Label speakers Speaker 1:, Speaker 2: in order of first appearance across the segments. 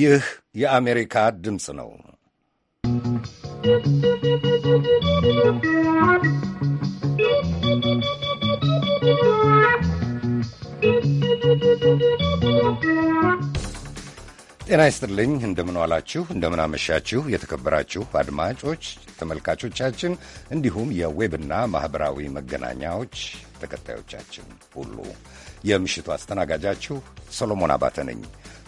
Speaker 1: ይህ የአሜሪካ ድምፅ ነው። ጤና ይስጥልኝ። እንደምን ዋላችሁ፣ እንደምን አመሻችሁ። የተከበራችሁ አድማጮች፣ ተመልካቾቻችን እንዲሁም የዌብና ማኅበራዊ መገናኛዎች ተከታዮቻችን ሁሉ የምሽቱ አስተናጋጃችሁ ሰሎሞን አባተ ነኝ።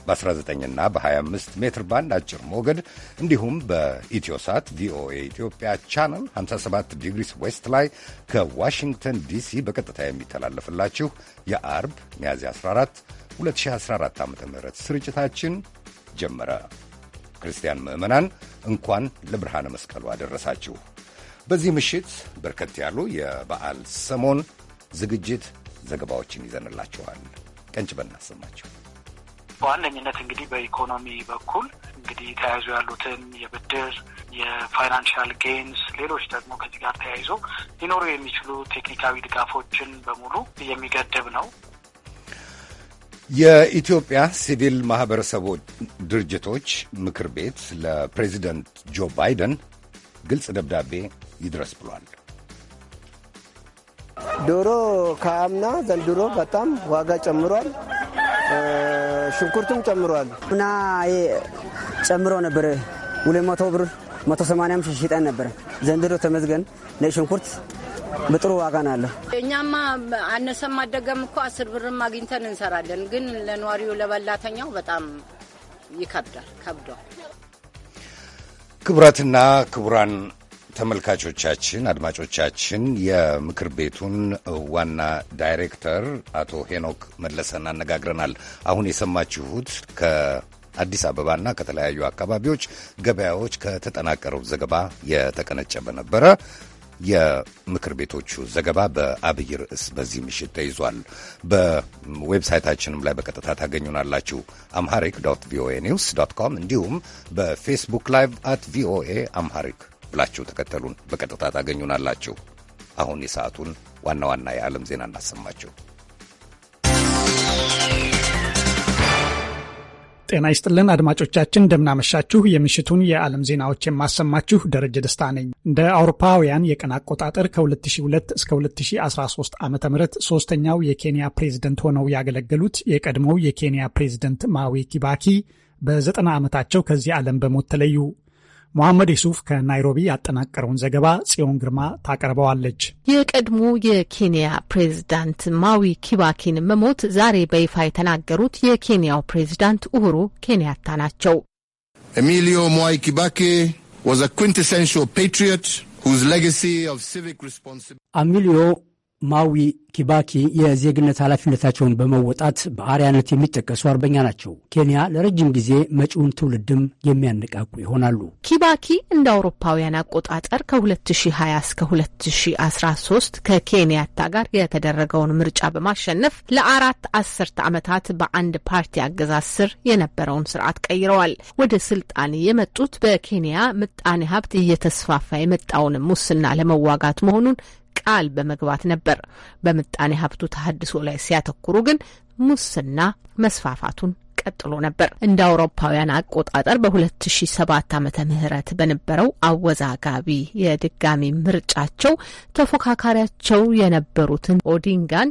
Speaker 1: በ19ና በ25 ሜትር ባንድ አጭር ሞገድ እንዲሁም በኢትዮሳት ቪኦኤ ኢትዮጵያ ቻናል 57 ዲግሪስ ዌስት ላይ ከዋሽንግተን ዲሲ በቀጥታ የሚተላለፍላችሁ የአርብ ሚያዝያ 14 2014 ዓ ም ስርጭታችን ጀመረ። ክርስቲያን ምዕመናን እንኳን ለብርሃነ መስቀሉ አደረሳችሁ። በዚህ ምሽት በርከት ያሉ የበዓል ሰሞን ዝግጅት ዘገባዎችን ይዘንላችኋል። ቀንጭ በናሰማችሁ
Speaker 2: በዋነኝነት እንግዲህ በኢኮኖሚ በኩል እንግዲህ ተያይዞ ያሉትን የብድር የፋይናንሻል ጌንስ ሌሎች ደግሞ ከዚህ ጋር ተያይዞ ሊኖሩ የሚችሉ ቴክኒካዊ ድጋፎችን በሙሉ የሚገድብ ነው።
Speaker 1: የኢትዮጵያ ሲቪል ማኅበረሰቦች ድርጅቶች ምክር ቤት ለፕሬዚደንት ጆ ባይደን ግልጽ ደብዳቤ ይድረስ ብሏል።
Speaker 3: ዶሮ ከአምና ዘንድሮ በጣም ዋጋ ጨምሯል። ሽንኩርቱም ጨምሯል። እና ጨምሮ ነበር ሁለት መቶ ብር መቶ ሽጠን ነበረ። ዘንድሮ ተመዝገን ለሽንኩርት በጥሩ ዋጋ ነው
Speaker 4: እኛማ አነሰም አደገም እኮ አስር ብርም አግኝተን እንሰራለን። ግን ለነዋሪው ለበላተኛው በጣም ይከብዳል ከብዷል።
Speaker 1: ክቡራትና ክቡራን ተመልካቾቻችን፣ አድማጮቻችን የምክር ቤቱን ዋና ዳይሬክተር አቶ ሄኖክ መለሰን አነጋግረናል። አሁን የሰማችሁት ከአዲስ አበባና ከተለያዩ አካባቢዎች ገበያዎች ከተጠናቀረው ዘገባ የተቀነጨበ ነበረ። የምክር ቤቶቹ ዘገባ በአብይ ርዕስ በዚህ ምሽት ተይዟል። በዌብሳይታችንም ላይ በቀጥታ ታገኙናላችሁ። አምሃሪክ ዶት ቪኦኤ ኒውስ ዶት ኮም እንዲሁም በፌስቡክ ላይቭ አት ቪኦኤ አምሃሪክ ብላችሁ ተከተሉን። በቀጥታ ታገኙናላችሁ። አሁን የሰዓቱን ዋና ዋና የዓለም ዜና እናሰማችሁ።
Speaker 5: ጤና ይስጥልን አድማጮቻችን፣ እንደምናመሻችሁ። የምሽቱን የዓለም ዜናዎች የማሰማችሁ ደረጀ ደስታ ነኝ። እንደ አውሮፓውያን የቀን አቆጣጠር ከ2002 እስከ 2013 ዓ ም ሶስተኛው የኬንያ ፕሬዝደንት ሆነው ያገለገሉት የቀድሞው የኬንያ ፕሬዝደንት ማዊ ኪባኪ በዘጠና ዓመታቸው ከዚህ ዓለም በሞት ተለዩ። መሐመድ ይሱፍ ከናይሮቢ ያጠናቀረውን ዘገባ ጽዮን ግርማ ታቀርበዋለች። የቀድሞ
Speaker 6: የኬንያ ፕሬዝዳንት ማዊ ኪባኪን መሞት ዛሬ በይፋ የተናገሩት የኬንያው ፕሬዝዳንት ኡሁሩ ኬንያታ ናቸው።
Speaker 7: ኤሚሊዮ ሞዋይ ኪባኬ ዋዝ አ ኳንቴሴንሻል ፓትሪዮት ሁዝ ሌጋሲ ኦፍ ሲቪክ ሪስፖንሲቢሊቲ
Speaker 2: ማዊ ኪባኪ የዜግነት ኃላፊነታቸውን በመወጣት በአርያነት የሚጠቀሱ አርበኛ ናቸው። ኬንያ ለረጅም ጊዜ መጪውን ትውልድም የሚያነቃቁ ይሆናሉ።
Speaker 6: ኪባኪ እንደ አውሮፓውያን አቆጣጠር ከ2020 እስከ 2013 ከኬንያታ ጋር የተደረገውን ምርጫ በማሸነፍ ለአራት አስርተ ዓመታት በአንድ ፓርቲ አገዛዝ ስር የነበረውን ስርዓት ቀይረዋል። ወደ ስልጣን የመጡት በኬንያ ምጣኔ ሀብት እየተስፋፋ የመጣውን ሙስና ለመዋጋት መሆኑን ቃል በመግባት ነበር። በምጣኔ ሀብቱ ተሀድሶ ላይ ሲያተኩሩ ግን ሙስና መስፋፋቱን ቀጥሎ ነበር። እንደ አውሮፓውያን አቆጣጠር በ2007 ዓመተ ምህረት በነበረው አወዛጋቢ የድጋሚ ምርጫቸው ተፎካካሪያቸው የነበሩትን ኦዲንጋን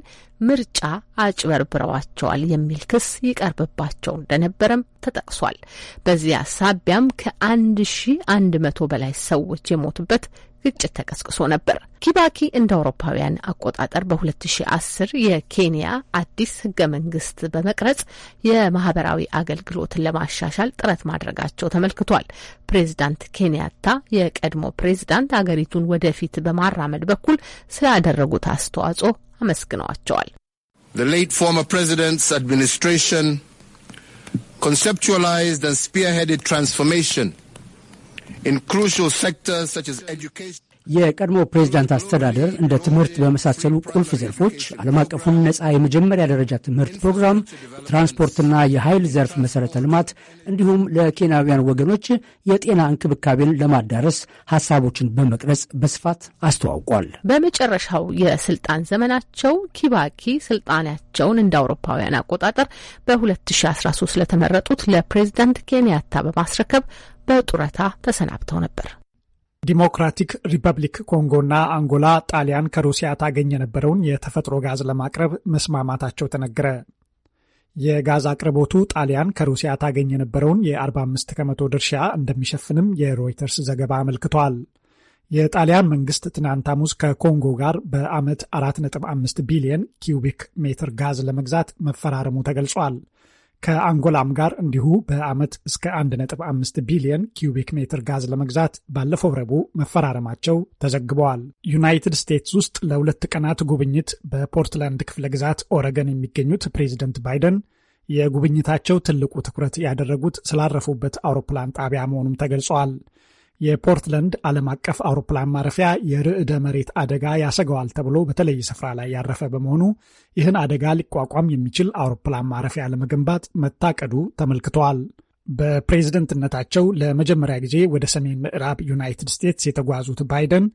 Speaker 6: ምርጫ አጭበርብረዋቸዋል የሚል ክስ ይቀርብባቸው እንደነበረም ተጠቅሷል። በዚያ ሳቢያም ከ1100 በላይ ሰዎች የሞቱበት ግጭት ተቀስቅሶ ነበር። ኪባኪ እንደ አውሮፓውያን አቆጣጠር በ2010 የኬንያ አዲስ ህገ መንግስት በመቅረጽ የማህበራዊ አገልግሎትን ለማሻሻል ጥረት ማድረጋቸው ተመልክቷል። ፕሬዚዳንት ኬንያታ የቀድሞ ፕሬዚዳንት አገሪቱን ወደፊት በማራመድ በኩል ስላደረጉት አስተዋጽኦ አመስግነዋቸዋል።
Speaker 7: The late former president's administration conceptualized and spearheaded transformation
Speaker 2: የቀድሞ ፕሬዚዳንት አስተዳደር እንደ ትምህርት በመሳሰሉ ቁልፍ ዘርፎች ዓለም አቀፉን ነፃ የመጀመሪያ ደረጃ ትምህርት ፕሮግራም፣ ትራንስፖርትና የኃይል ዘርፍ መሠረተ ልማት እንዲሁም ለኬንያውያን ወገኖች የጤና እንክብካቤን ለማዳረስ ሐሳቦችን በመቅረጽ በስፋት አስተዋውቋል።
Speaker 6: በመጨረሻው የስልጣን ዘመናቸው ኪባኪ ስልጣናቸውን እንደ አውሮፓውያን አቆጣጠር
Speaker 5: በ2013 ለተመረጡት ለፕሬዚዳንት ኬንያታ በማስረከብ በጡረታ ተሰናብተው ነበር። ዲሞክራቲክ ሪፐብሊክ ኮንጎና አንጎላ ጣሊያን ከሩሲያ ታገኝ የነበረውን የተፈጥሮ ጋዝ ለማቅረብ መስማማታቸው ተነገረ። የጋዝ አቅርቦቱ ጣሊያን ከሩሲያ ታገኝ የነበረውን የ45 ከመቶ ድርሻ እንደሚሸፍንም የሮይተርስ ዘገባ አመልክቷል። የጣሊያን መንግስት ትናንት ሐሙስ ከኮንጎ ጋር በዓመት 4.5 ቢሊየን ኪዩቢክ ሜትር ጋዝ ለመግዛት መፈራረሙ ተገልጿል። ከአንጎላም ጋር እንዲሁ በዓመት እስከ 1.5 ቢሊዮን ኪዩቢክ ሜትር ጋዝ ለመግዛት ባለፈው ረቡዕ መፈራረማቸው ተዘግበዋል። ዩናይትድ ስቴትስ ውስጥ ለሁለት ቀናት ጉብኝት በፖርትላንድ ክፍለ ግዛት ኦረገን የሚገኙት ፕሬዚደንት ባይደን የጉብኝታቸው ትልቁ ትኩረት ያደረጉት ስላረፉበት አውሮፕላን ጣቢያ መሆኑም ተገልጿል። የፖርትለንድ ዓለም አቀፍ አውሮፕላን ማረፊያ የርዕደ መሬት አደጋ ያሰገዋል ተብሎ በተለይ ስፍራ ላይ ያረፈ በመሆኑ ይህን አደጋ ሊቋቋም የሚችል አውሮፕላን ማረፊያ ለመገንባት መታቀዱ ተመልክተዋል። በፕሬዝደንትነታቸው ለመጀመሪያ ጊዜ ወደ ሰሜን ምዕራብ ዩናይትድ ስቴትስ የተጓዙት ባይደን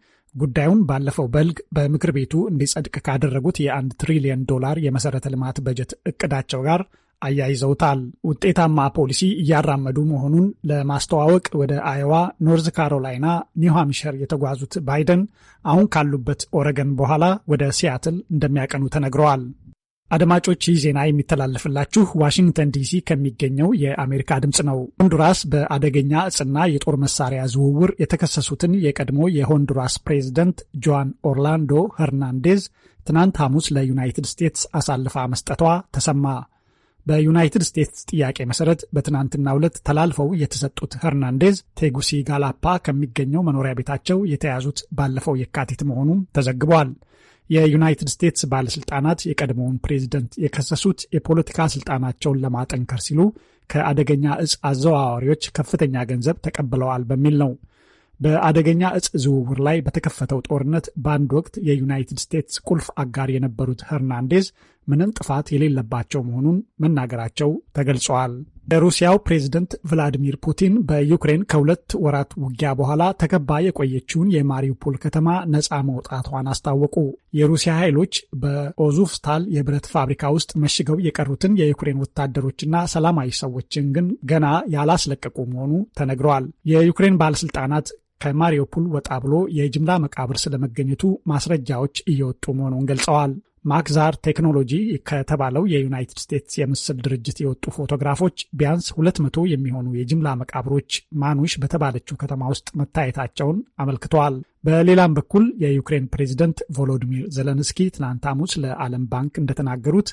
Speaker 5: ጉዳዩን ባለፈው በልግ በምክር ቤቱ እንዲጸድቅ ካደረጉት የአንድ ትሪሊየን ዶላር የመሰረተ ልማት በጀት እቅዳቸው ጋር አያይዘውታል። ውጤታማ ፖሊሲ እያራመዱ መሆኑን ለማስተዋወቅ ወደ አይዋ፣ ኖርዝ ካሮላይና፣ ኒው የተጓዙት ባይደን አሁን ካሉበት ኦረገን በኋላ ወደ ሲያትል እንደሚያቀኑ ተነግረዋል። አድማጮች ይህ ዜና የሚተላለፍላችሁ ዋሽንግተን ዲሲ ከሚገኘው የአሜሪካ ድምፅ ነው። ሆንዱራስ በአደገኛ እጽና የጦር መሳሪያ ዝውውር የተከሰሱትን የቀድሞ የሆንዱራስ ፕሬዚደንት ጆዋን ኦርላንዶ ሄርናንዴዝ ትናንት ሐሙስ ለዩናይትድ ስቴትስ አሳልፋ መስጠቷ ተሰማ። በዩናይትድ ስቴትስ ጥያቄ መሰረት በትናንትናው ዕለት ተላልፈው የተሰጡት ሄርናንዴዝ ቴጉሲ ጋላፓ ከሚገኘው መኖሪያ ቤታቸው የተያዙት ባለፈው የካቲት መሆኑም ተዘግበዋል። የዩናይትድ ስቴትስ ባለሥልጣናት የቀድሞውን ፕሬዚደንት የከሰሱት የፖለቲካ ስልጣናቸውን ለማጠንከር ሲሉ ከአደገኛ እጽ አዘዋዋሪዎች ከፍተኛ ገንዘብ ተቀብለዋል በሚል ነው። በአደገኛ እጽ ዝውውር ላይ በተከፈተው ጦርነት በአንድ ወቅት የዩናይትድ ስቴትስ ቁልፍ አጋር የነበሩት ሄርናንዴዝ ምንም ጥፋት የሌለባቸው መሆኑን መናገራቸው ተገልጸዋል። የሩሲያው ፕሬዝደንት ቭላዲሚር ፑቲን በዩክሬን ከሁለት ወራት ውጊያ በኋላ ተከባ የቆየችውን የማሪውፖል ከተማ ነፃ መውጣቷን አስታወቁ። የሩሲያ ኃይሎች በኦዙፍስታል የብረት ፋብሪካ ውስጥ መሽገው የቀሩትን የዩክሬን ወታደሮችና ሰላማዊ ሰዎችን ግን ገና ያላስለቀቁ መሆኑ ተነግረዋል። የዩክሬን ባለስልጣናት ከማሪዮፖል ወጣ ብሎ የጅምላ መቃብር ስለመገኘቱ ማስረጃዎች እየወጡ መሆኑን ገልጸዋል። ማክዛር ቴክኖሎጂ ከተባለው የዩናይትድ ስቴትስ የምስል ድርጅት የወጡ ፎቶግራፎች ቢያንስ ሁለት መቶ የሚሆኑ የጅምላ መቃብሮች ማኑሽ በተባለችው ከተማ ውስጥ መታየታቸውን አመልክተዋል። በሌላም በኩል የዩክሬን ፕሬዝደንት ቮሎዲሚር ዘለንስኪ ትናንት ሐሙስ ለዓለም ባንክ እንደተናገሩት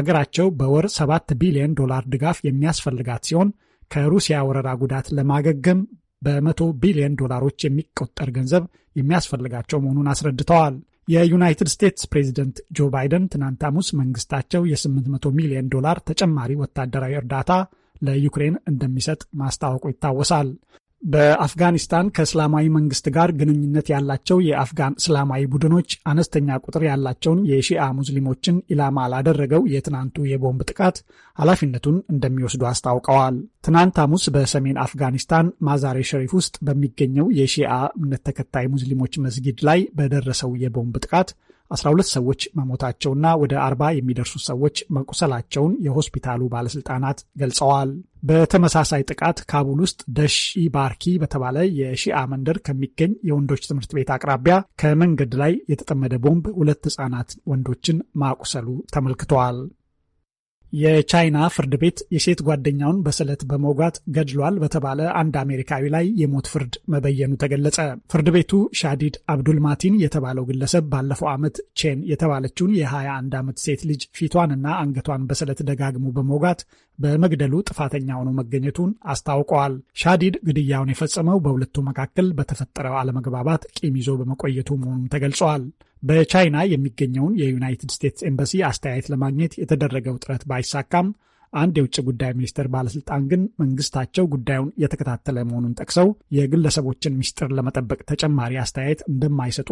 Speaker 5: አገራቸው በወር ሰባት ቢሊዮን ዶላር ድጋፍ የሚያስፈልጋት ሲሆን ከሩሲያ ወረራ ጉዳት ለማገገም በመቶ ቢሊዮን ዶላሮች የሚቆጠር ገንዘብ የሚያስፈልጋቸው መሆኑን አስረድተዋል። የዩናይትድ ስቴትስ ፕሬዚደንት ጆ ባይደን ትናንት ሐሙስ መንግስታቸው የ800 ሚሊዮን ዶላር ተጨማሪ ወታደራዊ እርዳታ ለዩክሬን እንደሚሰጥ ማስታወቁ ይታወሳል። በአፍጋኒስታን ከእስላማዊ መንግስት ጋር ግንኙነት ያላቸው የአፍጋን እስላማዊ ቡድኖች አነስተኛ ቁጥር ያላቸውን የሺአ ሙስሊሞችን ኢላማ ላደረገው የትናንቱ የቦምብ ጥቃት ኃላፊነቱን እንደሚወስዱ አስታውቀዋል። ትናንት ሐሙስ በሰሜን አፍጋኒስታን ማዛሬ ሸሪፍ ውስጥ በሚገኘው የሺአ እምነት ተከታይ ሙስሊሞች መስጊድ ላይ በደረሰው የቦምብ ጥቃት 12 ሰዎች መሞታቸውና ወደ 40 የሚደርሱ ሰዎች መቁሰላቸውን የሆስፒታሉ ባለስልጣናት ገልጸዋል። በተመሳሳይ ጥቃት ካቡል ውስጥ ደሺ ባርኪ በተባለ የሺአ መንደር ከሚገኝ የወንዶች ትምህርት ቤት አቅራቢያ ከመንገድ ላይ የተጠመደ ቦምብ ሁለት ህጻናት ወንዶችን ማቁሰሉ ተመልክተዋል። የቻይና ፍርድ ቤት የሴት ጓደኛውን በስለት በመውጋት ገድሏል በተባለ አንድ አሜሪካዊ ላይ የሞት ፍርድ መበየኑ ተገለጸ። ፍርድ ቤቱ ሻዲድ አብዱልማቲን የተባለው ግለሰብ ባለፈው ዓመት ቼን የተባለችውን የ21 ዓመት ሴት ልጅ ፊቷንና አንገቷን በስለት ደጋግሞ በመውጋት በመግደሉ ጥፋተኛ ሆኖ መገኘቱን አስታውቀዋል። ሻዲድ ግድያውን የፈጸመው በሁለቱ መካከል በተፈጠረው አለመግባባት ቂም ይዞ በመቆየቱ መሆኑን ተገልጿል። በቻይና የሚገኘውን የዩናይትድ ስቴትስ ኤምባሲ አስተያየት ለማግኘት የተደረገው ጥረት ባይሳካም አንድ የውጭ ጉዳይ ሚኒስቴር ባለስልጣን ግን መንግስታቸው ጉዳዩን የተከታተለ መሆኑን ጠቅሰው የግለሰቦችን ምስጢር ለመጠበቅ ተጨማሪ አስተያየት እንደማይሰጡ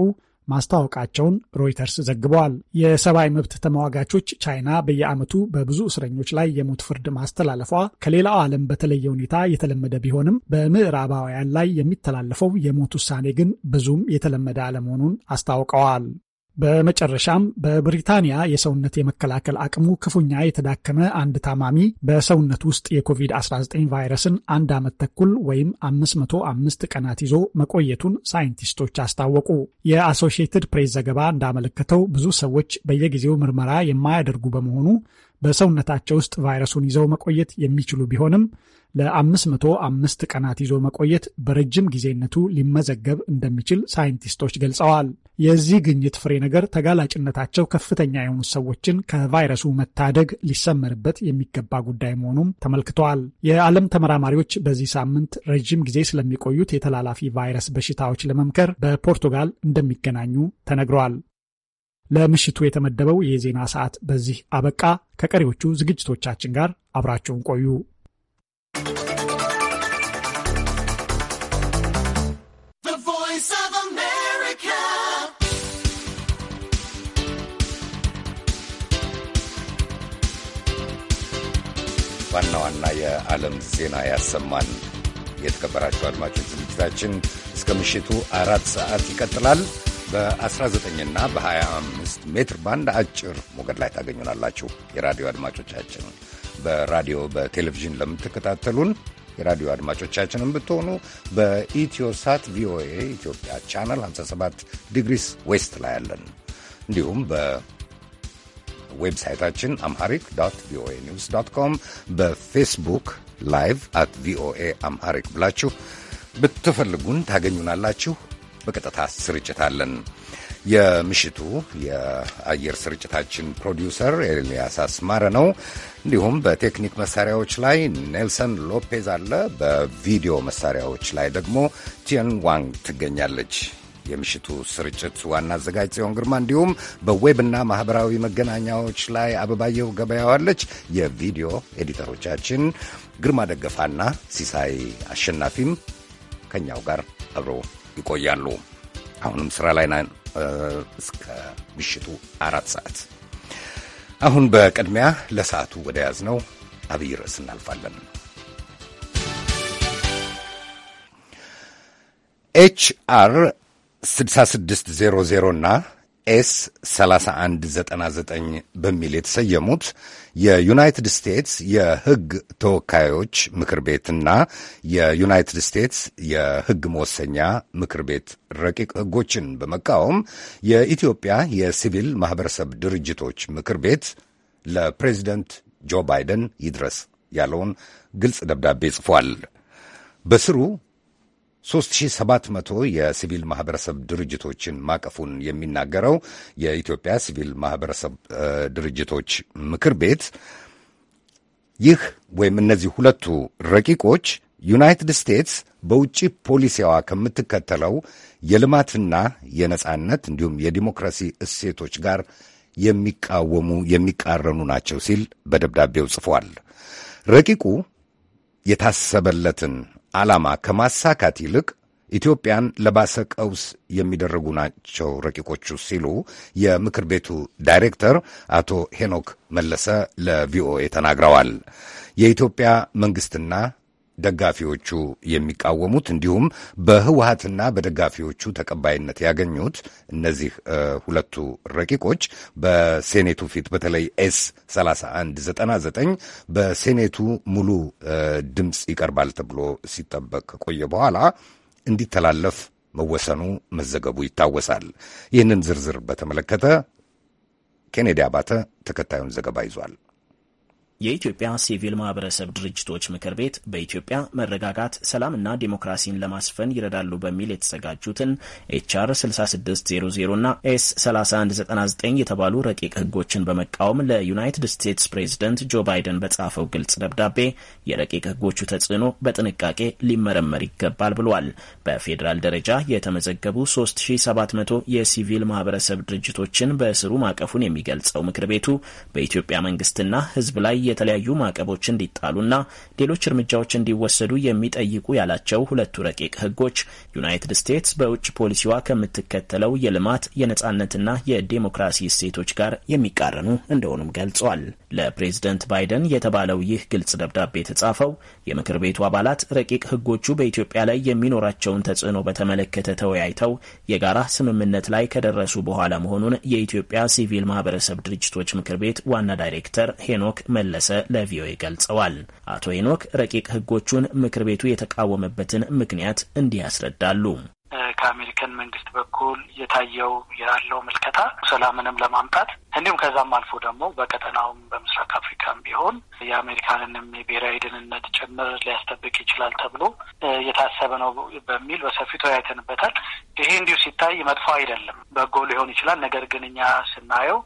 Speaker 5: ማስታወቃቸውን ሮይተርስ ዘግበዋል። የሰብአዊ መብት ተሟጋቾች ቻይና በየዓመቱ በብዙ እስረኞች ላይ የሞት ፍርድ ማስተላለፏ ከሌላው ዓለም በተለየ ሁኔታ የተለመደ ቢሆንም በምዕራባውያን ላይ የሚተላለፈው የሞት ውሳኔ ግን ብዙም የተለመደ አለመሆኑን አስታውቀዋል። በመጨረሻም በብሪታንያ የሰውነት የመከላከል አቅሙ ክፉኛ የተዳከመ አንድ ታማሚ በሰውነት ውስጥ የኮቪድ-19 ቫይረስን አንድ ዓመት ተኩል ወይም 505 ቀናት ይዞ መቆየቱን ሳይንቲስቶች አስታወቁ። የአሶሺየትድ ፕሬስ ዘገባ እንዳመለከተው ብዙ ሰዎች በየጊዜው ምርመራ የማያደርጉ በመሆኑ በሰውነታቸው ውስጥ ቫይረሱን ይዘው መቆየት የሚችሉ ቢሆንም ለ505 ቀናት ይዞ መቆየት በረጅም ጊዜነቱ ሊመዘገብ እንደሚችል ሳይንቲስቶች ገልጸዋል። የዚህ ግኝት ፍሬ ነገር ተጋላጭነታቸው ከፍተኛ የሆኑ ሰዎችን ከቫይረሱ መታደግ ሊሰመርበት የሚገባ ጉዳይ መሆኑም ተመልክተዋል። የዓለም ተመራማሪዎች በዚህ ሳምንት ረዥም ጊዜ ስለሚቆዩት የተላላፊ ቫይረስ በሽታዎች ለመምከር በፖርቱጋል እንደሚገናኙ ተነግረዋል። ለምሽቱ የተመደበው የዜና ሰዓት በዚህ አበቃ። ከቀሪዎቹ ዝግጅቶቻችን ጋር አብራችሁን ቆዩ።
Speaker 1: ዋና ዋና የዓለም ዜና ያሰማን የተከበራችሁ አድማጮች ዝግጅታችን እስከ ምሽቱ አራት ሰዓት ይቀጥላል። በ19ና በ25 ሜትር ባንድ አጭር ሞገድ ላይ ታገኙናላችሁ። የራዲዮ አድማጮቻችን በራዲዮ በቴሌቪዥን ለምትከታተሉን የራዲዮ አድማጮቻችንን ብትሆኑ በኢትዮሳት ቪኦኤ ኢትዮጵያ ቻናል 57 ዲግሪስ ዌስት ላይ ያለን እንዲሁም በዌብሳይታችን አምሃሪክ ዶት ቪኦኤ ኒውስ ዶት ኮም በፌስቡክ ላይቭ አት ቪኦኤ አምሃሪክ ብላችሁ ብትፈልጉን ታገኙናላችሁ። በቀጥታ ስርጭት አለን። የምሽቱ የአየር ስርጭታችን ፕሮዲውሰር ኤልያስ አስማረ ነው። እንዲሁም በቴክኒክ መሳሪያዎች ላይ ኔልሰን ሎፔዝ አለ። በቪዲዮ መሳሪያዎች ላይ ደግሞ ቲየን ዋንግ ትገኛለች። የምሽቱ ስርጭት ዋና አዘጋጅ ጽዮን ግርማ፣ እንዲሁም በዌብና ማህበራዊ መገናኛዎች ላይ አበባየሁ ገበያዋለች። የቪዲዮ ኤዲተሮቻችን ግርማ ደገፋና ሲሳይ አሸናፊም ከኛው ጋር አብረው ይቆያሉ። አሁንም ስራ ላይ ነን እስከ ምሽቱ አራት ሰዓት። አሁን በቅድሚያ ለሰዓቱ ወደ ያዝ ነው አብይ ርዕስ እናልፋለን። አር 6600 እና ኤስ 3199 በሚል የተሰየሙት የዩናይትድ ስቴትስ የሕግ ተወካዮች ምክር ቤትና የዩናይትድ ስቴትስ የሕግ መወሰኛ ምክር ቤት ረቂቅ ሕጎችን በመቃወም የኢትዮጵያ የሲቪል ማኅበረሰብ ድርጅቶች ምክር ቤት ለፕሬዚደንት ጆ ባይደን ይድረስ ያለውን ግልጽ ደብዳቤ ጽፏል። በስሩ 3700 የሲቪል ማህበረሰብ ድርጅቶችን ማቀፉን የሚናገረው የኢትዮጵያ ሲቪል ማህበረሰብ ድርጅቶች ምክር ቤት ይህ ወይም እነዚህ ሁለቱ ረቂቆች ዩናይትድ ስቴትስ በውጭ ፖሊሲዋ ከምትከተለው የልማትና የነጻነት እንዲሁም የዲሞክራሲ እሴቶች ጋር የሚቃወሙ የሚቃረኑ ናቸው ሲል በደብዳቤው ጽፏል። ረቂቁ የታሰበለትን ዓላማ ከማሳካት ይልቅ ኢትዮጵያን ለባሰ ቀውስ የሚደረጉ ናቸው ረቂቆቹ ሲሉ የምክር ቤቱ ዳይሬክተር አቶ ሄኖክ መለሰ ለቪኦኤ ተናግረዋል። የኢትዮጵያ መንግስትና ደጋፊዎቹ የሚቃወሙት እንዲሁም በህወሀትና በደጋፊዎቹ ተቀባይነት ያገኙት እነዚህ ሁለቱ ረቂቆች በሴኔቱ ፊት በተለይ ኤስ 3199 በሴኔቱ ሙሉ ድምፅ ይቀርባል ተብሎ ሲጠበቅ ከቆየ በኋላ እንዲተላለፍ መወሰኑ መዘገቡ ይታወሳል። ይህንን ዝርዝር በተመለከተ ኬኔዲ አባተ ተከታዩን ዘገባ ይዟል።
Speaker 8: የኢትዮጵያ ሲቪል ማህበረሰብ ድርጅቶች ምክር ቤት በኢትዮጵያ መረጋጋት ሰላምና ዲሞክራሲን ለማስፈን ይረዳሉ በሚል የተዘጋጁትን ኤችአር 6600 ና ኤስ 3199 የተባሉ ረቂቅ ህጎችን በመቃወም ለዩናይትድ ስቴትስ ፕሬዝደንት ጆ ባይደን በጻፈው ግልጽ ደብዳቤ የረቂቅ ህጎቹ ተጽዕኖ በጥንቃቄ ሊመረመር ይገባል ብሏል። በፌዴራል ደረጃ የተመዘገቡ 3700 የሲቪል ማህበረሰብ ድርጅቶችን በስሩ ማቀፉን የሚገልጸው ምክር ቤቱ በኢትዮጵያ መንግስትና ህዝብ ላይ የተለያዩ ማዕቀቦች እንዲጣሉና ሌሎች እርምጃዎች እንዲወሰዱ የሚጠይቁ ያላቸው ሁለቱ ረቂቅ ህጎች ዩናይትድ ስቴትስ በውጭ ፖሊሲዋ ከምትከተለው የልማት የነጻነትና የዴሞክራሲ እሴቶች ጋር የሚቃረኑ እንደሆኑም ገልጿል። ለፕሬዝደንት ባይደን የተባለው ይህ ግልጽ ደብዳቤ የተጻፈው የምክር ቤቱ አባላት ረቂቅ ህጎቹ በኢትዮጵያ ላይ የሚኖራቸውን ተጽዕኖ በተመለከተ ተወያይተው የጋራ ስምምነት ላይ ከደረሱ በኋላ መሆኑን የኢትዮጵያ ሲቪል ማህበረሰብ ድርጅቶች ምክር ቤት ዋና ዳይሬክተር ሄኖክ መለስ እንደተመለሰ ለቪኦኤ ገልጸዋል። አቶ ሄኖክ ረቂቅ ህጎቹን ምክር ቤቱ የተቃወመበትን ምክንያት እንዲህ ያስረዳሉ።
Speaker 2: ከአሜሪካን መንግስት በኩል እየታየው ያለው ምልከታ ሰላምንም ለማምጣት እንዲሁም ከዛም አልፎ ደግሞ በቀጠናውም በምስራቅ አፍሪካም ቢሆን የአሜሪካንንም የብሔራዊ ደህንነት ጭምር ሊያስጠብቅ ይችላል ተብሎ የታሰበ ነው በሚል በሰፊቱ ተወያይተንበታል። ይሄ እንዲሁ ሲታይ መጥፎ አይደለም፣ በጎ ሊሆን ይችላል። ነገር ግን እኛ ስናየው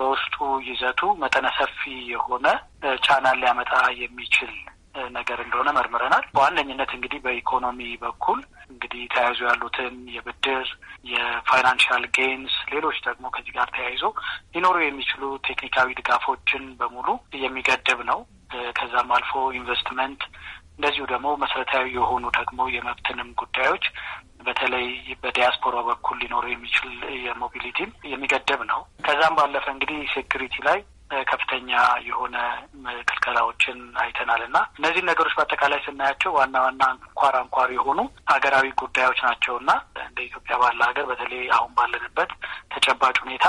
Speaker 2: በውስጡ ይዘቱ መጠነ ሰፊ የሆነ ጫናን ሊያመጣ የሚችል ነገር እንደሆነ መርምረናል። በዋነኝነት እንግዲህ በኢኮኖሚ በኩል እንግዲህ ተያይዞ ያሉትን የብድር የፋይናንሻል ጌንስ፣ ሌሎች ደግሞ ከዚህ ጋር ተያይዞ ሊኖሩ የሚችሉ ቴክኒካዊ ድጋፎችን በሙሉ የሚገድብ ነው። ከዛም አልፎ ኢንቨስትመንት እንደዚሁ ደግሞ መሰረታዊ የሆኑ ደግሞ የመብትንም ጉዳዮች በተለይ በዲያስፖራ በኩል ሊኖሩ የሚችል የሞቢሊቲም የሚገደብ ነው። ከዛም ባለፈ እንግዲህ ሴኩሪቲ ላይ ከፍተኛ የሆነ ክልከላዎችን አይተናል እና እነዚህን ነገሮች በአጠቃላይ ስናያቸው ዋና ዋና አንኳር አንኳር የሆኑ ሀገራዊ ጉዳዮች ናቸው እና እንደ ኢትዮጵያ ባለ ሀገር በተለይ አሁን ባለንበት ተጨባጭ ሁኔታ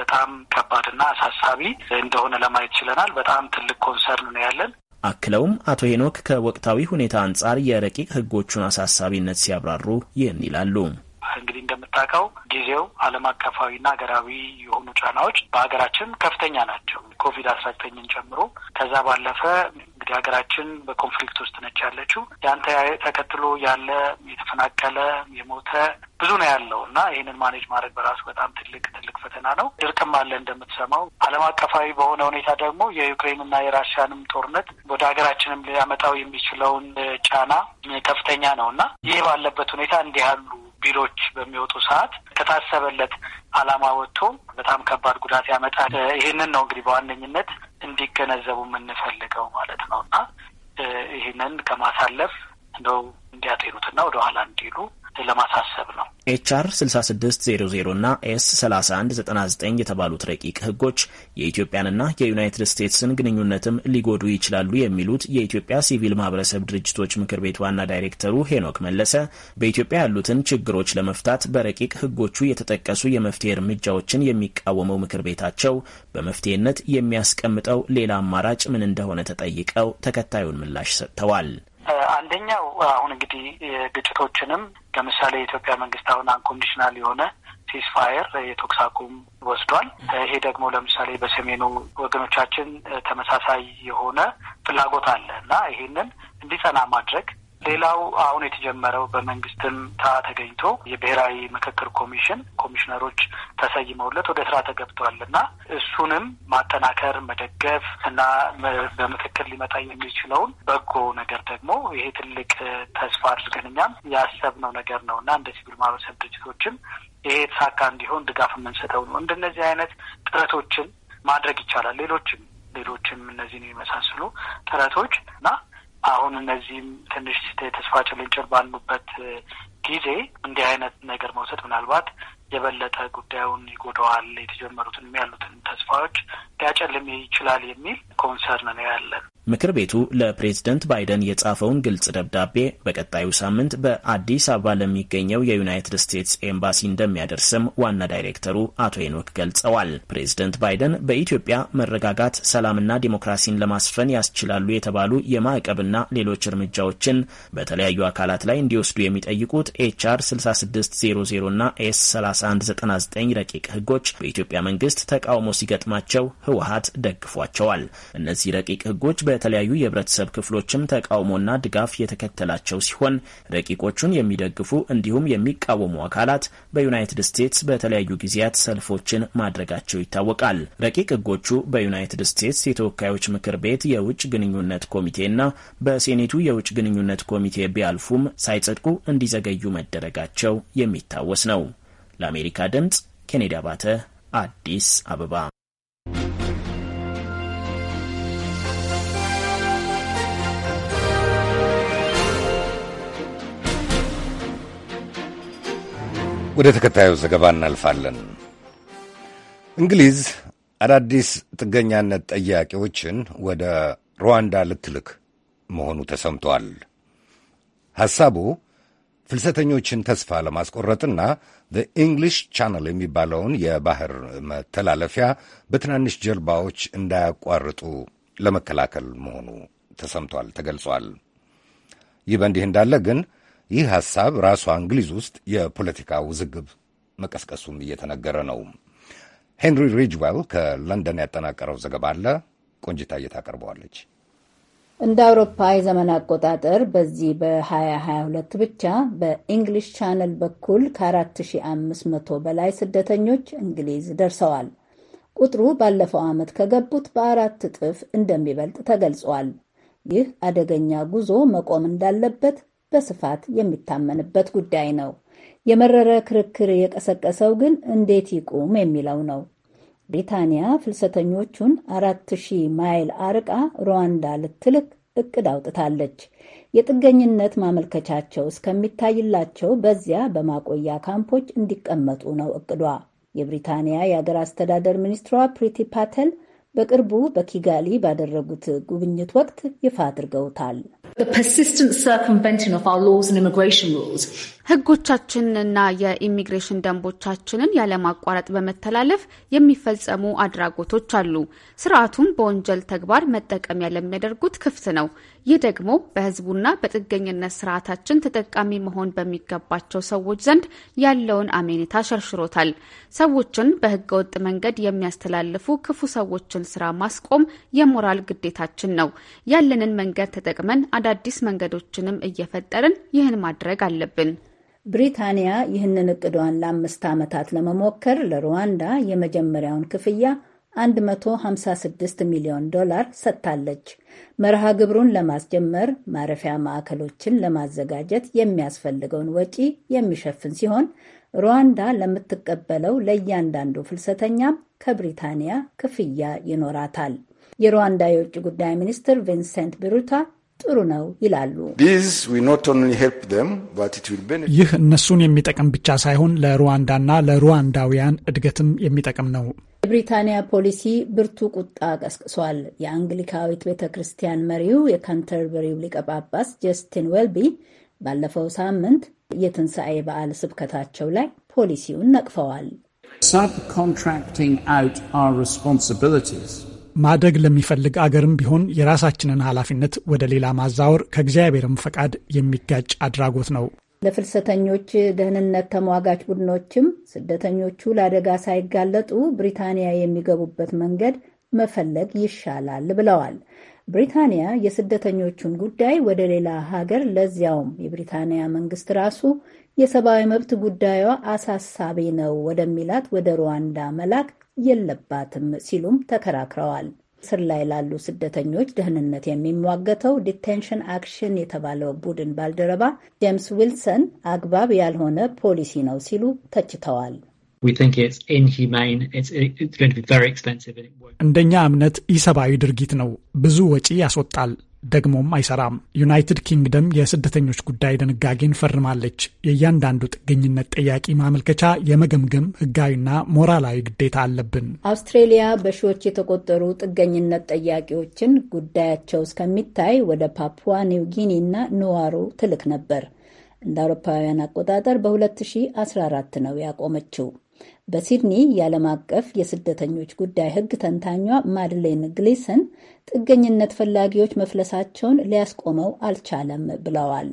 Speaker 2: በጣም ከባድና አሳሳቢ እንደሆነ ለማየት ችለናል። በጣም ትልቅ ኮንሰርን ነው ያለን።
Speaker 8: አክለውም አቶ ሄኖክ ከወቅታዊ ሁኔታ አንጻር የረቂቅ ሕጎቹን አሳሳቢነት ሲያብራሩ ይህን ይላሉ።
Speaker 2: እንግዲህ እንደምታውቀው ጊዜው ዓለም አቀፋዊና ሀገራዊ የሆኑ ጫናዎች በሀገራችን ከፍተኛ ናቸው። ኮቪድ አስራ ዘጠኝን ጨምሮ ከዛ ባለፈ እንግዲህ ሀገራችን በኮንፍሊክት ውስጥ ነች ያለችው። ያንተ ተከትሎ ያለ የተፈናቀለ የሞተ ብዙ ነው ያለው እና ይህንን ማኔጅ ማድረግ በራሱ በጣም ትልቅ ትልቅ ፈተና ነው። ድርቅም አለ እንደምትሰማው። ዓለም አቀፋዊ በሆነ ሁኔታ ደግሞ የዩክሬንና የራሽያንም ጦርነት ወደ ሀገራችንም ሊያመጣው የሚችለውን ጫና ከፍተኛ ነው እና ይህ ባለበት ሁኔታ እንዲህ ያሉ ቢሎች በሚወጡ ሰዓት ከታሰበለት ዓላማ ወጥቶ በጣም ከባድ ጉዳት ያመጣል። ይህንን ነው እንግዲህ በዋነኝነት እንዲገነዘቡ የምንፈልገው ማለት ነው እና ይህንን ከማሳለፍ እንደው እንዲያጤኑትና ወደ ኋላ እንዲሉ ለማሳሰብ ነው።
Speaker 8: ኤችአር 6600 ና ኤስ 3199 የተባሉት ረቂቅ ህጎች የኢትዮጵያንና የዩናይትድ ስቴትስን ግንኙነትም ሊጎዱ ይችላሉ የሚሉት የኢትዮጵያ ሲቪል ማህበረሰብ ድርጅቶች ምክር ቤት ዋና ዳይሬክተሩ ሄኖክ መለሰ በኢትዮጵያ ያሉትን ችግሮች ለመፍታት በረቂቅ ህጎቹ የተጠቀሱ የመፍትሄ እርምጃዎችን የሚቃወመው ምክር ቤታቸው በመፍትሄነት የሚያስቀምጠው ሌላ አማራጭ ምን እንደሆነ ተጠይቀው ተከታዩን ምላሽ ሰጥተዋል።
Speaker 2: አንደኛው አሁን እንግዲህ ግጭቶችንም ለምሳሌ የኢትዮጵያ መንግስት አሁን አንኮንዲሽናል የሆነ ሲስፋየር የተኩስ አቁም ወስዷል። ይሄ ደግሞ ለምሳሌ በሰሜኑ ወገኖቻችን ተመሳሳይ የሆነ ፍላጎት አለ እና ይሄንን እንዲጸና ማድረግ ሌላው አሁን የተጀመረው በመንግስትም ታ ተገኝቶ የብሔራዊ ምክክር ኮሚሽን ኮሚሽነሮች ተሰይመውለት ወደ ስራ ተገብተዋል እና እሱንም ማጠናከር መደገፍ እና በምክክር ሊመጣ የሚችለውን በጎ ነገር ደግሞ ይሄ ትልቅ ተስፋ አድርገን እኛም ያሰብነው ነገር ነው እና እንደ ሲቪል ማህበረሰብ ድርጅቶችም ይሄ የተሳካ እንዲሆን ድጋፍ የምንሰጠው ነው። እንደነዚህ አይነት ጥረቶችን ማድረግ ይቻላል። ሌሎችም ሌሎችም እነዚህን የመሳሰሉ ጥረቶች እና አሁን እነዚህም ትንሽ ተስፋ ጭልንጭል ባሉበት ጊዜ እንዲህ አይነት ነገር መውሰድ ምናልባት የበለጠ ጉዳዩን ይጎዳዋል፣ የተጀመሩትን ያሉትን ተስፋዎች ሊያጨልም ይችላል የሚል ኮንሰርን ነው ያለን።
Speaker 8: ምክር ቤቱ ለፕሬዝደንት ባይደን የጻፈውን ግልጽ ደብዳቤ በቀጣዩ ሳምንት በአዲስ አበባ ለሚገኘው የዩናይትድ ስቴትስ ኤምባሲ እንደሚያደርስም ዋና ዳይሬክተሩ አቶ ሄኖክ ገልጸዋል። ፕሬዝደንት ባይደን በኢትዮጵያ መረጋጋት፣ ሰላምና ዲሞክራሲን ለማስፈን ያስችላሉ የተባሉ የማዕቀብና ሌሎች እርምጃዎችን በተለያዩ አካላት ላይ እንዲወስዱ የሚጠይቁት ኤችአር 6600 እና ኤስ 6199 ረቂቅ ህጎች በኢትዮጵያ መንግስት ተቃውሞ ሲገጥማቸው ህወሀት ደግፏቸዋል። እነዚህ ረቂቅ ህጎች በተለያዩ የህብረተሰብ ክፍሎችም ተቃውሞና ድጋፍ የተከተላቸው ሲሆን ረቂቆቹን የሚደግፉ እንዲሁም የሚቃወሙ አካላት በዩናይትድ ስቴትስ በተለያዩ ጊዜያት ሰልፎችን ማድረጋቸው ይታወቃል። ረቂቅ ህጎቹ በዩናይትድ ስቴትስ የተወካዮች ምክር ቤት የውጭ ግንኙነት ኮሚቴና በሴኔቱ የውጭ ግንኙነት ኮሚቴ ቢያልፉም ሳይጸድቁ እንዲዘገዩ መደረጋቸው የሚታወስ ነው። ለአሜሪካ ድምፅ ኬኔዲ አባተ አዲስ አበባ።
Speaker 1: ወደ ተከታዩ ዘገባ እናልፋለን። እንግሊዝ አዳዲስ ጥገኛነት ጠያቂዎችን ወደ ሩዋንዳ ልትልክ መሆኑ ተሰምቷል። ሐሳቡ ፍልሰተኞችን ተስፋ ለማስቆረጥና በኢንግሊሽ ቻነል የሚባለውን የባህር መተላለፊያ በትናንሽ ጀልባዎች እንዳያቋርጡ ለመከላከል መሆኑ ተሰምቷል፣ ተገልጿል። ይህ በእንዲህ እንዳለ ግን ይህ ሐሳብ ራሷ እንግሊዝ ውስጥ የፖለቲካ ውዝግብ መቀስቀሱም እየተነገረ ነው። ሄንሪ ሪጅዌል ከለንደን ያጠናቀረው ዘገባ አለ። ቆንጅታ እየታቀርበዋለች።
Speaker 9: እንደ አውሮፓ የዘመን አቆጣጠር በዚህ በ2022 ብቻ በኢንግሊሽ ቻነል በኩል ከ4500 በላይ ስደተኞች እንግሊዝ ደርሰዋል። ቁጥሩ ባለፈው ዓመት ከገቡት በአራት እጥፍ እንደሚበልጥ ተገልጿል። ይህ አደገኛ ጉዞ መቆም እንዳለበት በስፋት የሚታመንበት ጉዳይ ነው። የመረረ ክርክር የቀሰቀሰው ግን እንዴት ይቁም የሚለው ነው። ብሪታንያ ፍልሰተኞቹን አራት ሺህ ማይል አርቃ ሩዋንዳ ልትልክ እቅድ አውጥታለች። የጥገኝነት ማመልከቻቸው እስከሚታይላቸው በዚያ በማቆያ ካምፖች እንዲቀመጡ ነው እቅዷ። የብሪታንያ የአገር አስተዳደር ሚኒስትሯ ፕሪቲ ፓተል በቅርቡ በኪጋሊ ባደረጉት ጉብኝት ወቅት ይፋ አድርገውታል። ሕጎቻችንንና
Speaker 10: የኢሚግሬሽን ደንቦቻችንን ያለማቋረጥ በመተላለፍ የሚፈጸሙ አድራጎቶች አሉ። ስርዓቱም በወንጀል ተግባር መጠቀሚያ ለሚያደርጉት ክፍት ነው። ይህ ደግሞ በህዝቡና በጥገኝነት ስርዓታችን ተጠቃሚ መሆን በሚገባቸው ሰዎች ዘንድ ያለውን አሜኔታ ሸርሽሮታል። ሰዎችን በህገወጥ መንገድ የሚያስተላልፉ ክፉ ሰዎችን ስራ ማስቆም የሞራል ግዴታችን ነው። ያለንን መንገድ ተጠቅመን አዳዲስ መንገዶችንም እየፈጠርን ይህን ማድረግ አለብን። ብሪታንያ
Speaker 9: ይህንን እቅዷን ለአምስት ዓመታት ለመሞከር ለሩዋንዳ የመጀመሪያውን ክፍያ 156 ሚሊዮን ዶላር ሰጥታለች። መርሃ ግብሩን ለማስጀመር ማረፊያ ማዕከሎችን ለማዘጋጀት የሚያስፈልገውን ወጪ የሚሸፍን ሲሆን ሩዋንዳ ለምትቀበለው ለእያንዳንዱ ፍልሰተኛም ከብሪታንያ ክፍያ ይኖራታል። የሩዋንዳ የውጭ ጉዳይ ሚኒስትር ቪንሰንት ብሩታ ጥሩ ነው ይላሉ።
Speaker 5: ይህ እነሱን የሚጠቅም ብቻ ሳይሆን ለሩዋንዳና ለሩዋንዳውያን እድገትም የሚጠቅም ነው።
Speaker 9: የብሪታንያ ፖሊሲ ብርቱ ቁጣ ቀስቅሷል። የአንግሊካዊት ቤተ ክርስቲያን መሪው የካንተርበሪው ሊቀ ጳጳስ ጀስቲን ዌልቢ ባለፈው ሳምንት የትንሣኤ በዓል ስብከታቸው ላይ ፖሊሲውን ነቅፈዋል።
Speaker 5: ማደግ ለሚፈልግ አገርም ቢሆን የራሳችንን ኃላፊነት ወደ ሌላ ማዛወር ከእግዚአብሔርም ፈቃድ የሚጋጭ አድራጎት ነው።
Speaker 9: ለፍልሰተኞች ደህንነት ተሟጋች ቡድኖችም ስደተኞቹ ለአደጋ ሳይጋለጡ ብሪታንያ የሚገቡበት መንገድ መፈለግ ይሻላል ብለዋል። ብሪታንያ የስደተኞቹን ጉዳይ ወደ ሌላ ሀገር ለዚያውም የብሪታንያ መንግስት ራሱ የሰብአዊ መብት ጉዳዩ አሳሳቢ ነው ወደሚላት ወደ ሩዋንዳ መላክ የለባትም ሲሉም ተከራክረዋል። ስር ላይ ላሉ ስደተኞች ደህንነት የሚሟገተው ዲቴንሽን አክሽን የተባለው ቡድን ባልደረባ ጄምስ ዊልሰን አግባብ ያልሆነ
Speaker 5: ፖሊሲ ነው ሲሉ ተችተዋል። እንደኛ እምነት ኢሰብአዊ ድርጊት ነው፣ ብዙ ወጪ ያስወጣል፣ ደግሞም አይሰራም። ዩናይትድ ኪንግደም የስደተኞች ጉዳይ ድንጋጌን ፈርማለች። የእያንዳንዱ ጥገኝነት ጠያቂ ማመልከቻ የመገምገም ሕጋዊና ሞራላዊ ግዴታ አለብን።
Speaker 9: አውስትሬሊያ በሺዎች የተቆጠሩ ጥገኝነት ጠያቂዎችን ጉዳያቸው እስከሚታይ ወደ ፓፑዋ ኒው ጊኒ እና ኑዋሩ ትልክ ነበር። እንደ አውሮፓውያን አቆጣጠር በ2014 ነው ያቆመችው። በሲድኒ የዓለም አቀፍ የስደተኞች ጉዳይ ሕግ ተንታኟ ማድሌን ግሊሰን ጥገኝነት ፈላጊዎች መፍለሳቸውን ሊያስቆመው አልቻለም ብለዋል።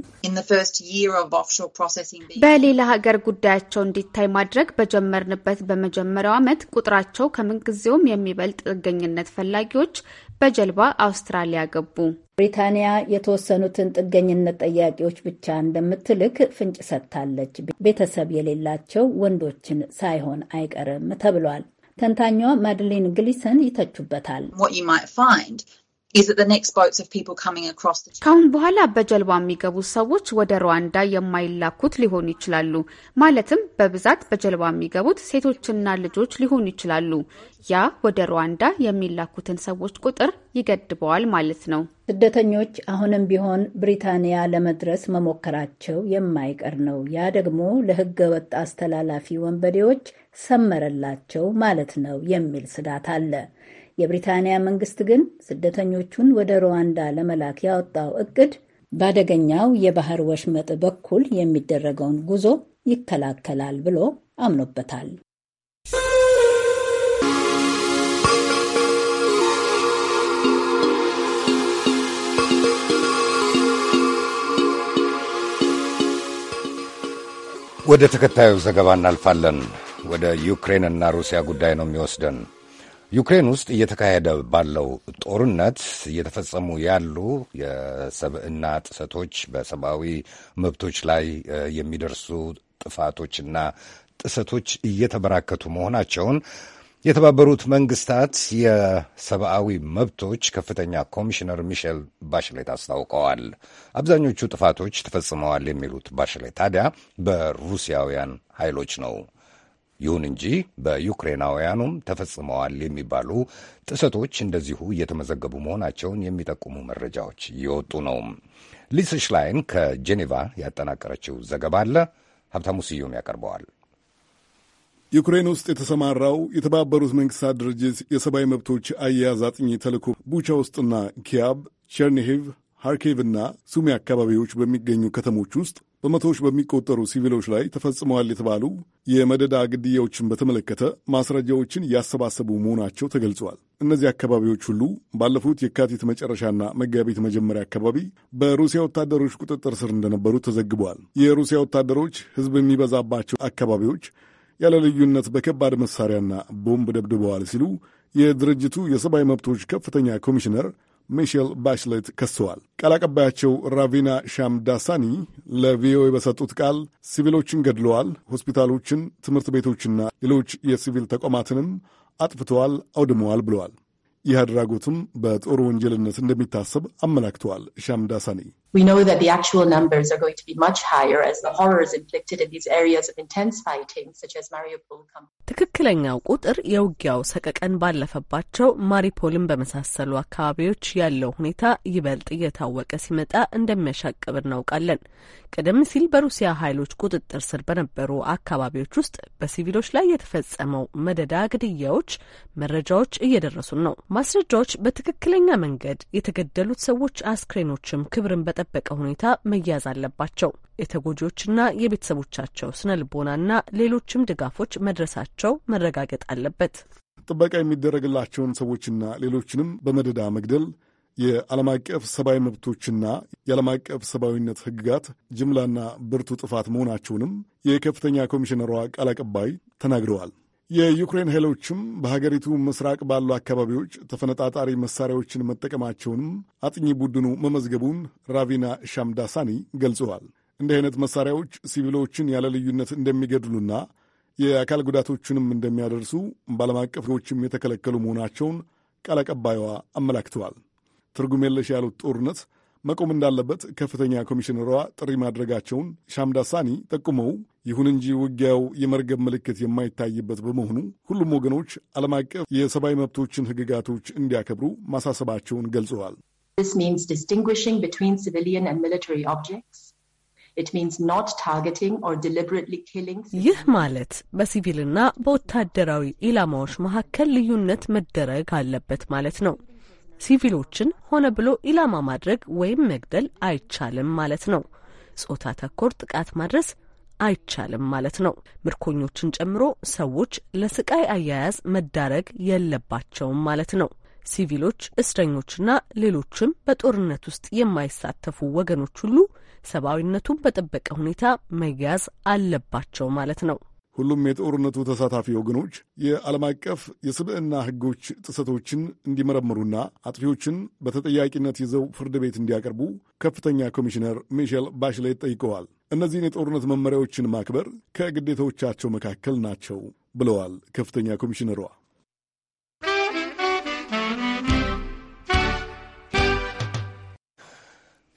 Speaker 9: በሌላ ሀገር
Speaker 10: ጉዳያቸው እንዲታይ ማድረግ በጀመርንበት በመጀመሪያው ዓመት ቁጥራቸው ከምንጊዜውም
Speaker 9: የሚበልጥ ጥገኝነት ፈላጊዎች በጀልባ አውስትራሊያ ገቡ። ብሪታንያ የተወሰኑትን ጥገኝነት ጠያቂዎች ብቻ እንደምትልክ ፍንጭ ሰጥታለች። ቤተሰብ የሌላቸው ወንዶችን ሳይሆን አይቀርም ተብሏል። ተንታኟ ማድሊን ግሊሰን ይተቹበታል።
Speaker 10: ካሁን በኋላ በጀልባ የሚገቡት ሰዎች ወደ ሩዋንዳ የማይላኩት ሊሆኑ ይችላሉ። ማለትም በብዛት በጀልባ የሚገቡት ሴቶችና ልጆች ሊሆኑ ይችላሉ። ያ ወደ
Speaker 9: ሩዋንዳ የሚላኩትን ሰዎች ቁጥር ይገድበዋል ማለት ነው። ስደተኞች አሁንም ቢሆን ብሪታንያ ለመድረስ መሞከራቸው የማይቀር ነው። ያ ደግሞ ለሕገ ወጥ አስተላላፊ ወንበዴዎች ሰመረላቸው ማለት ነው የሚል ስጋት አለ። የብሪታንያ መንግስት ግን ስደተኞቹን ወደ ሩዋንዳ ለመላክ ያወጣው እቅድ በአደገኛው የባህር ወሽመጥ በኩል የሚደረገውን ጉዞ ይከላከላል ብሎ አምኖበታል።
Speaker 1: ወደ ተከታዩ ዘገባ እናልፋለን። ወደ ዩክሬንና ሩሲያ ጉዳይ ነው የሚወስደን። ዩክሬን ውስጥ እየተካሄደ ባለው ጦርነት እየተፈጸሙ ያሉ የሰብዕና ጥሰቶች፣ በሰብአዊ መብቶች ላይ የሚደርሱ ጥፋቶችና ጥሰቶች እየተበራከቱ መሆናቸውን የተባበሩት መንግስታት የሰብአዊ መብቶች ከፍተኛ ኮሚሽነር ሚሼል ባሽሌት አስታውቀዋል። አብዛኞቹ ጥፋቶች ተፈጽመዋል የሚሉት ባሽሌት ታዲያ በሩሲያውያን ኃይሎች ነው። ይሁን እንጂ በዩክሬናውያኑም ተፈጽመዋል የሚባሉ ጥሰቶች እንደዚሁ እየተመዘገቡ መሆናቸውን የሚጠቁሙ መረጃዎች እየወጡ ነው። ሊስ ሽላይን ከጄኔቫ ያጠናቀረችው ዘገባ አለ። ሀብታሙ ስዩም ያቀርበዋል።
Speaker 7: ዩክሬን ውስጥ የተሰማራው የተባበሩት መንግስታት ድርጅት የሰብአዊ መብቶች አያያዝ አጥኚ ተልዕኮ ቡቻ ውስጥና ኪያብ ቸርኒሂቭ ሃርኬቭና ሱሚ አካባቢዎች በሚገኙ ከተሞች ውስጥ በመቶዎች በሚቆጠሩ ሲቪሎች ላይ ተፈጽመዋል የተባሉ የመደዳ ግድያዎችን በተመለከተ ማስረጃዎችን ያሰባሰቡ መሆናቸው ተገልጿል። እነዚህ አካባቢዎች ሁሉ ባለፉት የካቲት መጨረሻና መጋቢት መጀመሪያ አካባቢ በሩሲያ ወታደሮች ቁጥጥር ስር እንደነበሩ ተዘግበዋል። የሩሲያ ወታደሮች ሕዝብ የሚበዛባቸው አካባቢዎች ያለ ልዩነት በከባድ መሳሪያና ቦምብ ደብድበዋል ሲሉ የድርጅቱ የሰብአዊ መብቶች ከፍተኛ ኮሚሽነር ሚሼል ባሽሌት ከሰዋል። ቃል አቀባያቸው ራቪና ሻምዳሳኒ ለቪኦኤ በሰጡት ቃል ሲቪሎችን ገድለዋል፣ ሆስፒታሎችን፣ ትምህርት ቤቶችና ሌሎች የሲቪል ተቋማትንም አጥፍተዋል፣ አውድመዋል ብለዋል። ይህ አድራጎትም በጦር ወንጀልነት እንደሚታሰብ አመላክተዋል ሻምዳሳኒ
Speaker 6: We know that the actual numbers are going to be much higher as the horrors inflicted in these areas of intense fighting, such as Mariupol. come.
Speaker 11: ትክክለኛው ቁጥር የውጊያው ሰቀቀን ባለፈባቸው ማሪፖልን በመሳሰሉ አካባቢዎች ያለው ሁኔታ ይበልጥ እየታወቀ ሲመጣ እንደሚያሻቅብ እናውቃለን። ቀደም ሲል በሩሲያ ኃይሎች ቁጥጥር ስር በነበሩ አካባቢዎች ውስጥ በሲቪሎች ላይ የተፈጸመው መደዳ ግድያዎች መረጃዎች እየደረሱን ነው። ማስረጃዎች በትክክለኛ መንገድ የተገደሉት ሰዎች አስክሬኖችም ክብርን በጠ በጠበቀ ሁኔታ መያዝ አለባቸው። የተጎጂዎችና የቤተሰቦቻቸው ስነ
Speaker 7: ልቦናና ሌሎችም ድጋፎች መድረሳቸው መረጋገጥ አለበት። ጥበቃ የሚደረግላቸውን ሰዎችና ሌሎችንም በመደዳ መግደል የዓለም አቀፍ ሰብአዊ መብቶችና የዓለም አቀፍ ሰብአዊነት ሕግጋት ጅምላና ብርቱ ጥፋት መሆናቸውንም የከፍተኛ ኮሚሽነሯ ቃል አቀባይ ተናግረዋል። የዩክሬን ኃይሎችም በሀገሪቱ ምስራቅ ባሉ አካባቢዎች ተፈነጣጣሪ መሳሪያዎችን መጠቀማቸውንም አጥኚ ቡድኑ መመዝገቡን ራቪና ሻምዳሳኒ ገልጸዋል። እንዲህ አይነት መሳሪያዎች ሲቪሎችን ያለ ልዩነት እንደሚገድሉና የአካል ጉዳቶችንም እንደሚያደርሱ በዓለም አቀፍ የተከለከሉ መሆናቸውን ቃል አቀባዩዋ አመላክተዋል። ትርጉም የለሽ ያሉት ጦርነት መቆም እንዳለበት ከፍተኛ ኮሚሽነሯ ጥሪ ማድረጋቸውን ሻምዳሳኒ ጠቁመው፣ ይሁን እንጂ ውጊያው የመርገብ ምልክት የማይታይበት በመሆኑ ሁሉም ወገኖች ዓለም አቀፍ የሰብአዊ መብቶችን ሕግጋቶች እንዲያከብሩ ማሳሰባቸውን ገልጸዋል።
Speaker 6: This means distinguishing between civilian and military objects.
Speaker 11: ይህ ማለት በሲቪልና በወታደራዊ ኢላማዎች መካከል ልዩነት መደረግ አለበት ማለት ነው። ሲቪሎችን ሆነ ብሎ ኢላማ ማድረግ ወይም መግደል አይቻልም ማለት ነው። ጾታ ተኮር ጥቃት ማድረስ አይቻልም ማለት ነው። ምርኮኞችን ጨምሮ ሰዎች ለስቃይ አያያዝ መዳረግ የለባቸውም ማለት ነው። ሲቪሎች፣ እስረኞችና ሌሎችም በጦርነት ውስጥ የማይሳተፉ ወገኖች ሁሉ ሰብአዊነቱን በጠበቀ ሁኔታ መያዝ አለባቸው
Speaker 7: ማለት ነው። ሁሉም የጦርነቱ ተሳታፊ ወገኖች የዓለም አቀፍ የስብዕና ሕጎች ጥሰቶችን እንዲመረምሩና አጥፊዎችን በተጠያቂነት ይዘው ፍርድ ቤት እንዲያቀርቡ ከፍተኛ ኮሚሽነር ሚሼል ባሽሌት ጠይቀዋል። እነዚህን የጦርነት መመሪያዎችን ማክበር ከግዴታዎቻቸው መካከል ናቸው ብለዋል ከፍተኛ ኮሚሽነሯ።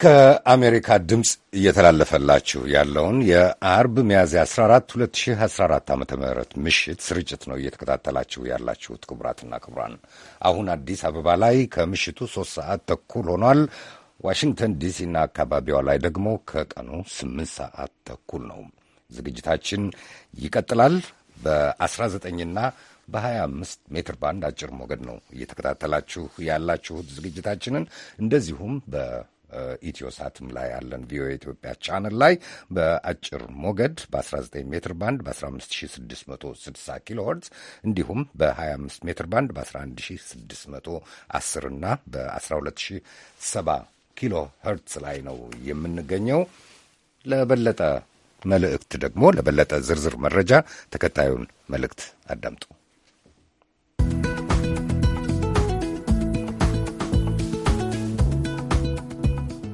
Speaker 1: ከአሜሪካ ድምፅ እየተላለፈላችሁ ያለውን የአርብ ሚያዝያ 14 2014 ዓ ም ምሽት ስርጭት ነው እየተከታተላችሁ ያላችሁት። ክቡራትና ክቡራን አሁን አዲስ አበባ ላይ ከምሽቱ ሶስት ሰዓት ተኩል ሆኗል። ዋሽንግተን ዲሲና አካባቢዋ ላይ ደግሞ ከቀኑ ስምንት ሰዓት ተኩል ነው። ዝግጅታችን ይቀጥላል። በ19ና በ25 ሜትር ባንድ አጭር ሞገድ ነው እየተከታተላችሁ ያላችሁት ዝግጅታችንን እንደዚሁም በ ኢትዮሳትም ላይ ያለን ቪኦኤ ኢትዮጵያ ቻንል ላይ በአጭር ሞገድ በ19 ሜትር ባንድ በ15660 ኪሎ ሄርዝ እንዲሁም በ25 ሜትር ባንድ በ11610 እና በ12070 ኪሎ ሄርዝ ላይ ነው የምንገኘው። ለበለጠ መልእክት ደግሞ ለበለጠ ዝርዝር መረጃ ተከታዩን መልእክት አዳምጡ።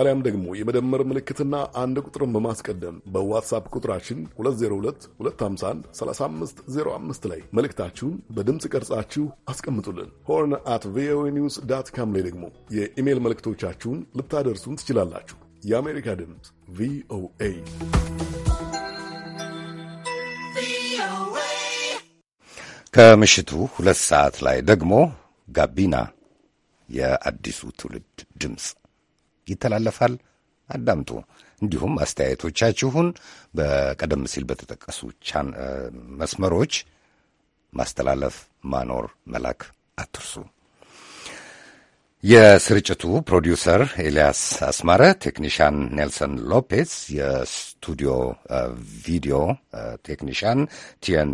Speaker 7: አሊያም ደግሞ የመደመር ምልክትና አንድ ቁጥርን በማስቀደም በዋትሳፕ ቁጥራችን 2022513505 ላይ መልእክታችሁን በድምፅ ቀርጻችሁ አስቀምጡልን። ሆርን አት ቪኦኤ ኒውስ ዳት ካም ላይ ደግሞ የኢሜይል መልእክቶቻችሁን ልታደርሱን ትችላላችሁ። የአሜሪካ ድምፅ ቪኦኤ
Speaker 1: ከምሽቱ ሁለት ሰዓት ላይ ደግሞ ጋቢና የአዲሱ ትውልድ ድምፅ ይተላለፋል። አዳምጡ። እንዲሁም አስተያየቶቻችሁን በቀደም ሲል በተጠቀሱ መስመሮች ማስተላለፍ፣ ማኖር፣ መላክ አትርሱ። የስርጭቱ ፕሮዲውሰር ኤልያስ አስማረ፣ ቴክኒሽያን ኔልሰን ሎፔዝ፣ የስቱዲዮ ቪዲዮ ቴክኒሽያን ቲየን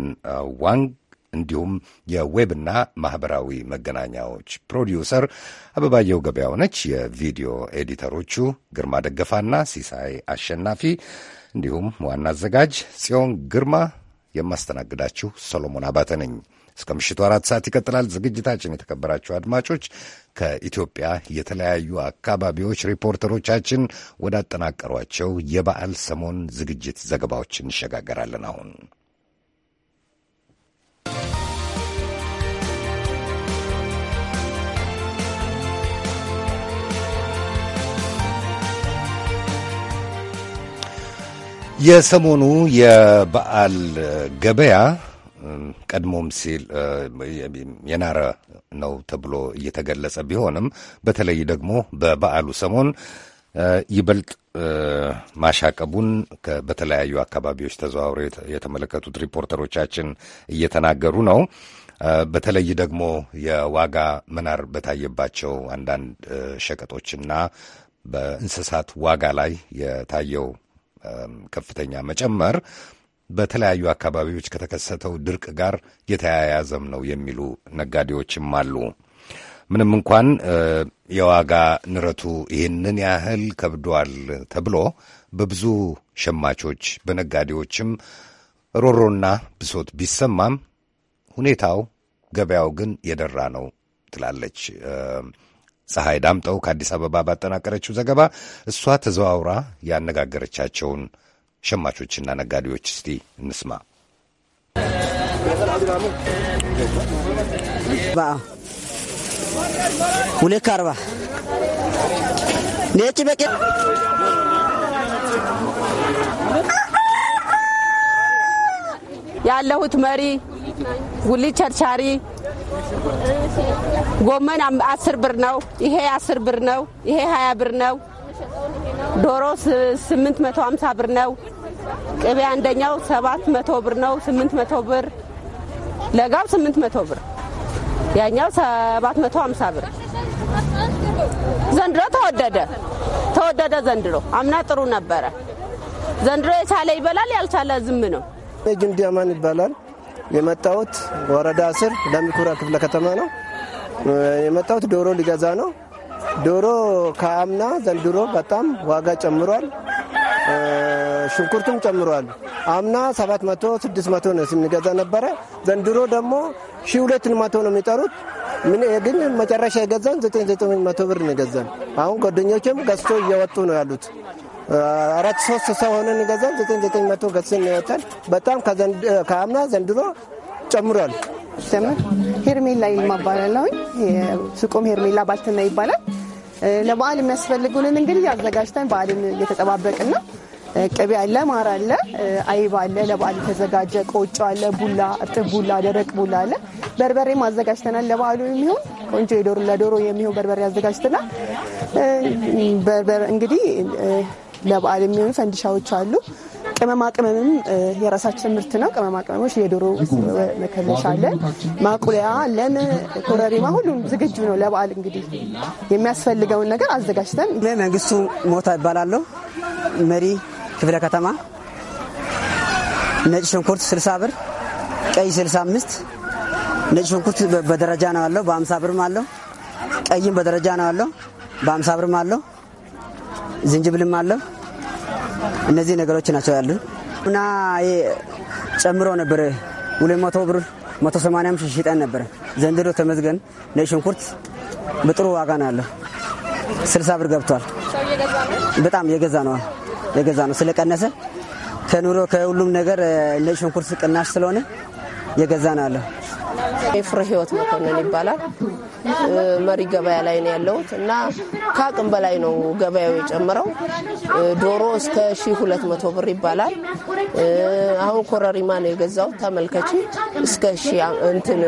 Speaker 1: ዋንግ እንዲሁም የዌብና ማኅበራዊ መገናኛዎች ፕሮዲውሰር አበባየው ገበያው ነች። የቪዲዮ ኤዲተሮቹ ግርማ ደገፋና ሲሳይ አሸናፊ እንዲሁም ዋና አዘጋጅ ጽዮን ግርማ። የማስተናግዳችሁ ሰሎሞን አባተ ነኝ። እስከ ምሽቱ አራት ሰዓት ይቀጥላል ዝግጅታችን። የተከበራችሁ አድማጮች ከኢትዮጵያ የተለያዩ አካባቢዎች ሪፖርተሮቻችን ወዳጠናቀሯቸው የበዓል ሰሞን ዝግጅት ዘገባዎች እንሸጋገራለን አሁን የሰሞኑ የበዓል ገበያ ቀድሞም ሲል የናረ ነው ተብሎ እየተገለጸ ቢሆንም በተለይ ደግሞ በበዓሉ ሰሞን ይበልጥ ማሻቀቡን በተለያዩ አካባቢዎች ተዘዋውረው የተመለከቱት ሪፖርተሮቻችን እየተናገሩ ነው። በተለይ ደግሞ የዋጋ መናር በታየባቸው አንዳንድ ሸቀጦችና በእንስሳት ዋጋ ላይ የታየው ከፍተኛ መጨመር በተለያዩ አካባቢዎች ከተከሰተው ድርቅ ጋር የተያያዘም ነው የሚሉ ነጋዴዎችም አሉ። ምንም እንኳን የዋጋ ንረቱ ይህንን ያህል ከብዷል ተብሎ በብዙ ሸማቾች በነጋዴዎችም ሮሮና ብሶት ቢሰማም ሁኔታው ገበያው ግን የደራ ነው ትላለች ፀሐይ ዳምጠው ከአዲስ አበባ ባጠናቀረችው ዘገባ እሷ ተዘዋውራ ያነጋገረቻቸውን ሸማቾችና ነጋዴዎች እስቲ እንስማ። ከአርባ
Speaker 4: ነጭ ያለሁት መሪ ጉሊ ቸርቻሪ ጎመን አስር ብር ነው። ይሄ አስር ብር ነው። ይሄ ሀያ ብር ነው። ዶሮ ስምንት መቶ ሀምሳ ብር ነው። ቅቤ አንደኛው ሰባት መቶ ብር ነው። ስምንት መቶ ብር ለጋው ስምንት መቶ ብር ያኛው ሰባት መቶ ሀምሳ ብር። ዘንድሮ ተወደደ ተወደደ። ዘንድሮ አምና ጥሩ ነበረ። ዘንድሮ የቻለ ይበላል፣ ያልቻለ ዝም ነው።
Speaker 3: ጅንዲያማን ይባላል የመጣሁት ወረዳ ስር ለሚኩራ ክፍለ ከተማ ነው የመጣሁት። ዶሮ ሊገዛ ነው። ዶሮ ከአምና ዘንድሮ በጣም ዋጋ ጨምሯል። ሽንኩርቱም ጨምሯል። አምና 700 600 ነው ስንገዛ ነበረ። ዘንድሮ ደግሞ 1200 ነው የሚጠሩት። ምን ግን መጨረሻ የገዛን 9900 ብር ነው የገዛን። አሁን ጓደኞችም ገዝቶ እየወጡ ነው ያሉት። አራት ሶስት ሰው ሆነን ገዛን። ዘጠኝ ዘጠኝ መቶ ገዝተን ይወጣል። በጣም ከአምና ዘንድሮ ጨምሯል።
Speaker 12: ዘመን ሄርሜላ ይልማ እባላለሁኝ። ሱቁም ሄርሜላ ባልትና ይባላል። ለበዓል የሚያስፈልጉንን እንግዲህ አዘጋጅተን በዓልን እየተጠባበቅን ነው። ቅቤ አለ፣ ማር አለ፣ አይብ አለ፣ ለበዓል የተዘጋጀ ቆጮ አለ፣ ቡላ፣ እርጥብ ቡላ፣ ደረቅ ቡላ አለ። በርበሬም አዘጋጅተናል። ለበዓሉ የሚሆን ቆንጆ የዶሮ ለዶሮ የሚሆን በርበሬ አዘጋጅተናል። እንግዲህ ለበዓል የሚሆኑ ፈንዲሻዎች አሉ። ቅመማ ቅመምም የራሳችን ምርት ነው። ቅመማ ቅመሞች የዶሮ መከለሻ አለን፣ ማቁለያ አለን፣ ኮረሪማ፣ ሁሉም ዝግጁ ነው። ለበዓል እንግዲህ የሚያስፈልገውን ነገር
Speaker 3: አዘጋጅተን መንግስቱ ሞታ ይባላለሁ። መሪ ክፍለ ከተማ። ነጭ ሽንኩርት 60 ብር፣ ቀይ 65። ነጭ ሽንኩርት በደረጃ ነው ያለው፣ በ50 ብርም አለው። ቀይም በደረጃ ነው ያለው፣ በ50 ብርም አለው። ዝንጅብልም አለው። እነዚህ ነገሮች ናቸው ያሉን እና ጨምሮ ነበር ሁለት መቶ ብር መቶ ሰማንያም ሽጠን ነበር። ዘንድሮ ተመዝገን ነጭ ሽንኩርት በጥሩ ዋጋ ነው ያለው። ስልሳ ብር ገብቷል። በጣም የገዛ ነው የገዛ ነው ስለቀነሰ ከኑሮ ከሁሉም ነገር ነጭ ሽንኩርት ቅናሽ ስለሆነ የገዛ ነው ያለው። የፍሬ
Speaker 9: ህይወት መኮንን ይባላል። መሪ ገበያ ላይ ነው ያለሁት እና ከአቅም በላይ ነው ገበያው የጨምረው። ዶሮ እስከ ሺ ሁለት መቶ ብር ይባላል። አሁን ኮረሪማ ነው የገዛሁት ተመልከች፣ እስከ እንትን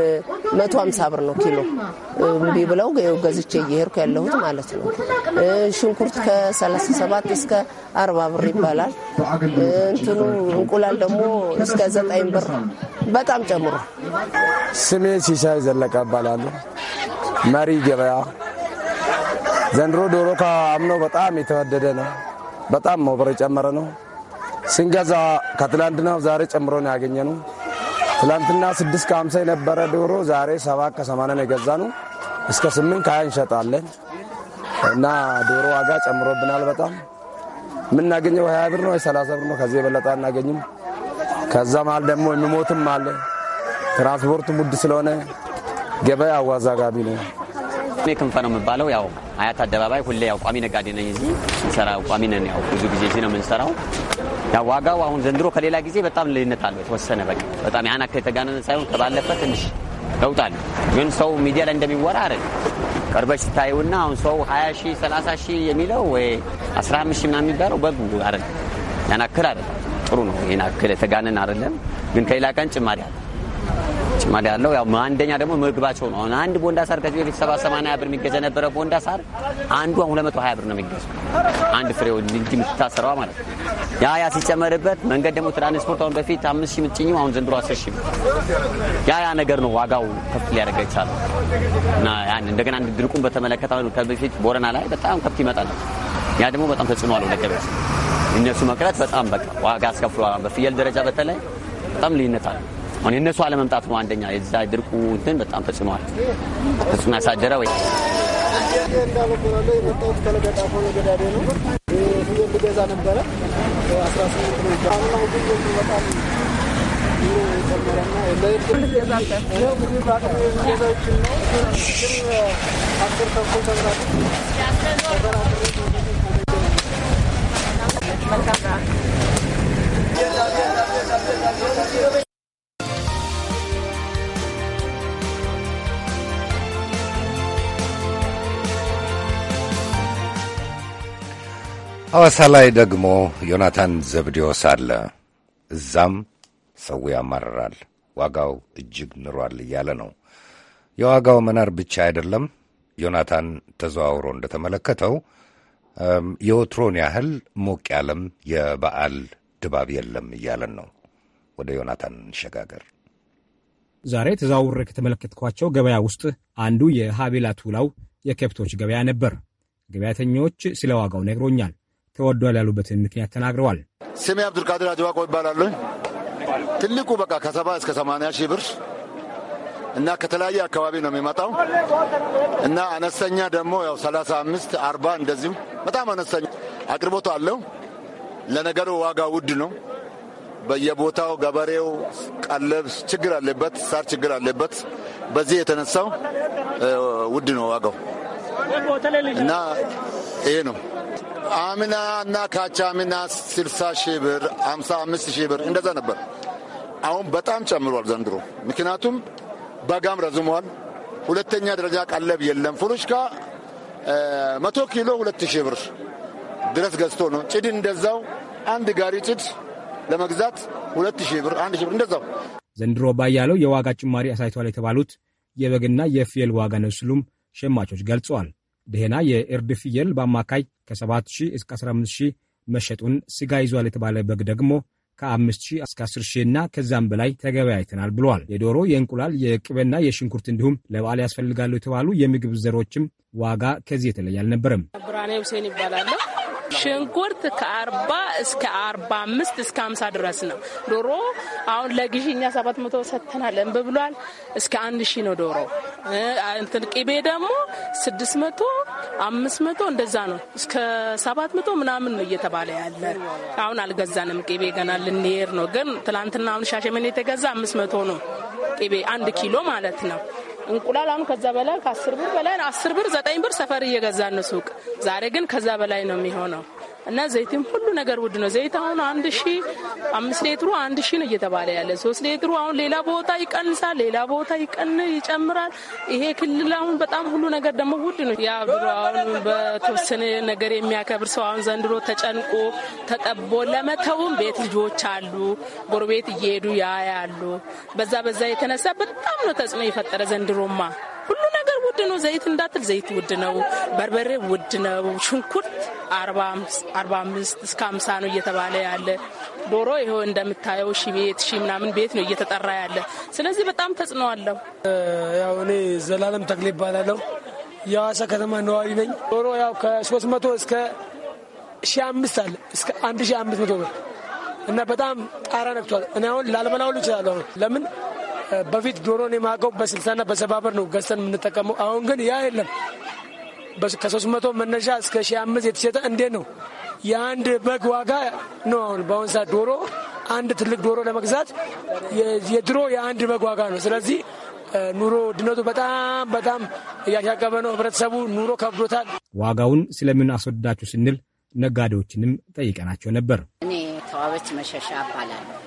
Speaker 9: መቶ ሀምሳ ብር ነው ኪሎ። እምቢ ብለው ገዝቼ እየሄድኩ ያለሁት ማለት ነው። ሽንኩርት ከ37 እስከ አርባ ብር ይባላል። እንትኑ
Speaker 4: እንቁላል ደግሞ እስከ ዘጠኝ ብር በጣም ጨምሮ።
Speaker 13: ስሜ ሲሳይ
Speaker 14: ዘለቀ እባላለሁ። መሪ ገበያ ዘንድሮ ዶሮ ከአምኖ በጣም የተወደደ ነው። በጣም መብረ የጨመረ ነው። ስንገዛ ከትላንትናው ዛሬ ጨምሮ ነው ያገኘ ነው። ትላንትና ስድስት ከሀምሳ የነበረ ዶሮ ዛሬ ሰባት ከሰማንያ ነው የገዛ ነው። እስከ ስምንት ከሀያ እንሸጣለን እና ዶሮ ዋጋ ጨምሮብናል በጣም የምናገኘው ሀያ ብር ነው ወይ ሰላሳ ብር ነው። ከዚህ የበለጠ አናገኝም።
Speaker 3: ከዛ መሀል ደግሞ የሚሞትም አለ። ትራንስፖርት ውድ ስለሆነ ገበያ አዋዛጋቢ ነው።
Speaker 15: ቅድሜ ክንፈ ነው የምባለው። ያው አያት አደባባይ ሁሌ ያው ቋሚ ነጋዴ ነኝ። እዚህ ስንሰራ ቋሚ ነን። ያው ብዙ ጊዜ እዚህ ነው የምንሰራው። ያው ዋጋው አሁን ዘንድሮ ከሌላ ጊዜ በጣም ልዩነት አለው። የተወሰነ በቃ በጣም ያን አክል የተጋነነ ሳይሆን ከባለፈ ትንሽ ለውጣል። ግን ሰው ሚዲያ ላይ እንደሚወራ አይደል። ቀርበሽ ስታዩና አሁን ሰው 20 ሺህ 30 ሺህ የሚለው ወይ 15 ሺህ ምናምን የሚባለው በግ አይደል፣ ያን አክል አይደል ጥሩ ነው። ይህን አክል የተጋነን አይደለም፣ ግን ከሌላ ቀን ጭማሪ አለ ጭማሪ አለው። ያው አንደኛ ደግሞ ምግባቸው ነው። አንድ ቦንዳ ሳር ከዚህ በፊት ሰባ ሰማንያ ብር የሚገዛ የነበረ ቦንዳ ሳር አንዱ አሁን ሁለት ብር ነው የሚገዙ አንድ ፍሬው የምትታሰረዋ ማለት ነው። ያ ያ ሲጨመርበት መንገድ ደግሞ ትራንስፖርት አሁን በፊት አምስት ሺህ የምትጭኙ አሁን ዘንድሮ አስር ያ ያ ነገር ነው ዋጋው ከፍ ሊያደርገ ይቻላል። እና ያን እንደገና ድርቁን በተመለከተ ከበፊት ቦረና ላይ በጣም ከፍት ይመጣል ያ ደግሞ በጣም ተጽዕኖ አለው ለገበያ እነሱ መቅረት በጣም በቃ ዋጋ አስከፍሏል። በፍየል ደረጃ በተለይ በጣም ልዩነት አለ። አሁን የእነሱ አለመምጣት ነው አንደኛ የዛ ድርቁ እንትን በጣም ተጽዕኗል። ተጽዕኖ ያሳደረ ወይ
Speaker 3: ነበረ
Speaker 16: መልካም
Speaker 1: ሐዋሳ ላይ ደግሞ ዮናታን ዘብዴዎስ አለ። እዛም ሰው ያማርራል፣ ዋጋው እጅግ ንሯል እያለ ነው። የዋጋው መናር ብቻ አይደለም። ዮናታን ተዘዋውሮ እንደተመለከተው የወትሮን ያህል ሞቅ ያለም የበዓል ድባብ የለም እያለን ነው። ወደ ዮናታን እንሸጋገር።
Speaker 17: ዛሬ ተዛውሬ ከተመለከትኳቸው ገበያ ውስጥ አንዱ የሀቤላ ቱላው የከብቶች ገበያ ነበር። ገበያተኞች ስለ ዋጋው ነግሮኛል። ተወዷል ያሉበትን ምክንያት ተናግረዋል።
Speaker 7: ስሜ አብዱልቃድር አጅባቆ ይባላሉ። ትልቁ በቃ ከሰባ እስከ ሰማንያ ሺህ ብር እና ከተለያየ አካባቢ ነው የሚመጣው እና አነስተኛ ደግሞ ያው ሰላሳ አምስት አርባ እንደዚሁ በጣም አነስተኛ አቅርቦቱ አለው። ለነገሩ ዋጋ ውድ ነው። በየቦታው ገበሬው ቀለብ ችግር አለበት፣ ሳር ችግር አለበት። በዚህ የተነሳው ውድ ነው ዋጋው እና ይሄ ነው። አምና እና አምና ስልሳ ሺህ ብር፣ 55 አምስት ሺህ ብር እንደዛ ነበር። አሁን በጣም ጨምሯል ዘንድሮ ምክንያቱም በጋም ረዝሟል። ሁለተኛ ደረጃ ቀለብ የለም። ፍሩሽካ መቶ ኪሎ ሁለት ሺህ ብር ድረስ ገዝቶ ነው። ጭድ እንደዛው አንድ ጋሪ ጭድ ለመግዛት ሁለት ሺህ ብር አንድ ሺህ ብር እንደዛው።
Speaker 17: ዘንድሮ ባያለው የዋጋ ጭማሪ አሳይቷል የተባሉት የበግና የፍየል ዋጋ ነው ሲሉም ሸማቾች ገልጸዋል። ደህና የእርድ ፍየል በአማካይ ከ7 ሺህ እስከ 15 ሺህ መሸጡን፣ ስጋ ይዟል የተባለ በግ ደግሞ ከአምስት ሺህ እስከ አስር ሺህ እና ከዛም በላይ ተገበያይተናል ብለዋል። የዶሮ የእንቁላል፣ የቅቤና የሽንኩርት እንዲሁም ለበዓል ያስፈልጋሉ የተባሉ የምግብ ዘሮችም ዋጋ ከዚህ የተለየ አልነበረም።
Speaker 12: ብርሃኔ ሁሴን ይባላለሁ። ሽንኩርት ከአርባ እስከ አርባ አምስት እስከ አምሳ ድረስ ነው። ዶሮ አሁን ለግዢ እኛ ሰባት መቶ ሰጥተናል እንብ ብሏል። እስከ አንድ ሺህ ነው ዶሮ። እንትን ቅቤ ደግሞ ስድስት መቶ አምስት መቶ እንደዛ ነው እስከ ሰባት መቶ ምናምን ነው እየተባለ ያለ። አሁን አልገዛንም ቅቤ ገና ልንሄድ ነው። ግን ትላንትና አሁን ሻሸመኔ የተገዛ አምስት መቶ ነው ቅቤ አንድ ኪሎ ማለት ነው። እንቁላል አሁን ከዛ በላይ ከአስር ብር በላይ አስር ብር ዘጠኝ ብር ሰፈር እየገዛን ሱቅ ዛሬ ግን ከዛ በላይ ነው የሚሆነው። እና ዘይትም ሁሉ ነገር ውድ ነው። ዘይት አሁን አንድ ሺ አምስት ሌትሩ አንድ ሺ ነው እየተባለ ያለ ሶስት ሌትሩ አሁን ሌላ ቦታ ይቀንሳል፣ ሌላ ቦታ ይቀን ይጨምራል። ይሄ ክልል አሁን በጣም ሁሉ ነገር ደግሞ ውድ ነው። ያ ብሮ አሁን በተወሰነ ነገር የሚያከብር ሰው አሁን ዘንድሮ ተጨንቆ ተጠቦ ለመተውም ቤት ልጆች አሉ፣ ጎረቤት እየሄዱ ያ ያሉ በዛ በዛ የተነሳ በጣም ነው ተጽዕኖ የፈጠረ ዘንድሮማ ውድ ነው ዘይት እንዳትል፣ ዘይት ውድ ነው፣ በርበሬ ውድ ነው፣ ሽንኩርት አርባ አምስት እስከ አምሳ ነው እየተባለ ያለ ዶሮ ይኸው እንደምታየው ሺ ቤት ሺ ምናምን ቤት ነው እየተጠራ ያለ። ስለዚህ በጣም ተጽዕኖ አለው። ያው እኔ
Speaker 2: ዘላለም ተክሌ ይባላለሁ። የሐዋሳ ከተማ ነዋሪ ነኝ። ዶሮ ያው ከሶስት መቶ እስከ ሺ አምስት አለ እስከ አንድ ሺ አምስት መቶ ብር እና በጣም ጣራ ነክቷል። እኔ አሁን ላልበላ ይችላለሁ። ለምን በፊት ዶሮን የማቀው በስልሳና በሰባበር ነው ገዝተን የምንጠቀመው። አሁን ግን ያ የለም። ከሶስት መቶ መነሻ እስከ ሺህ አምስት የተሸጠ እንዴት ነው የአንድ በግ ዋጋ ነው? አሁን በአሁን ሰዓት ዶሮ አንድ ትልቅ ዶሮ ለመግዛት የድሮ የአንድ በግ ዋጋ ነው። ስለዚህ ኑሮ ውድነቱ በጣም በጣም እያሻቀበ ነው። ህብረተሰቡ ኑሮ ከብዶታል።
Speaker 17: ዋጋውን ስለምን አስወደዳችሁ ስንል ነጋዴዎችንም ጠይቀናቸው ነበር።
Speaker 4: እኔ ተዋበች መሸሻ እባላለሁ።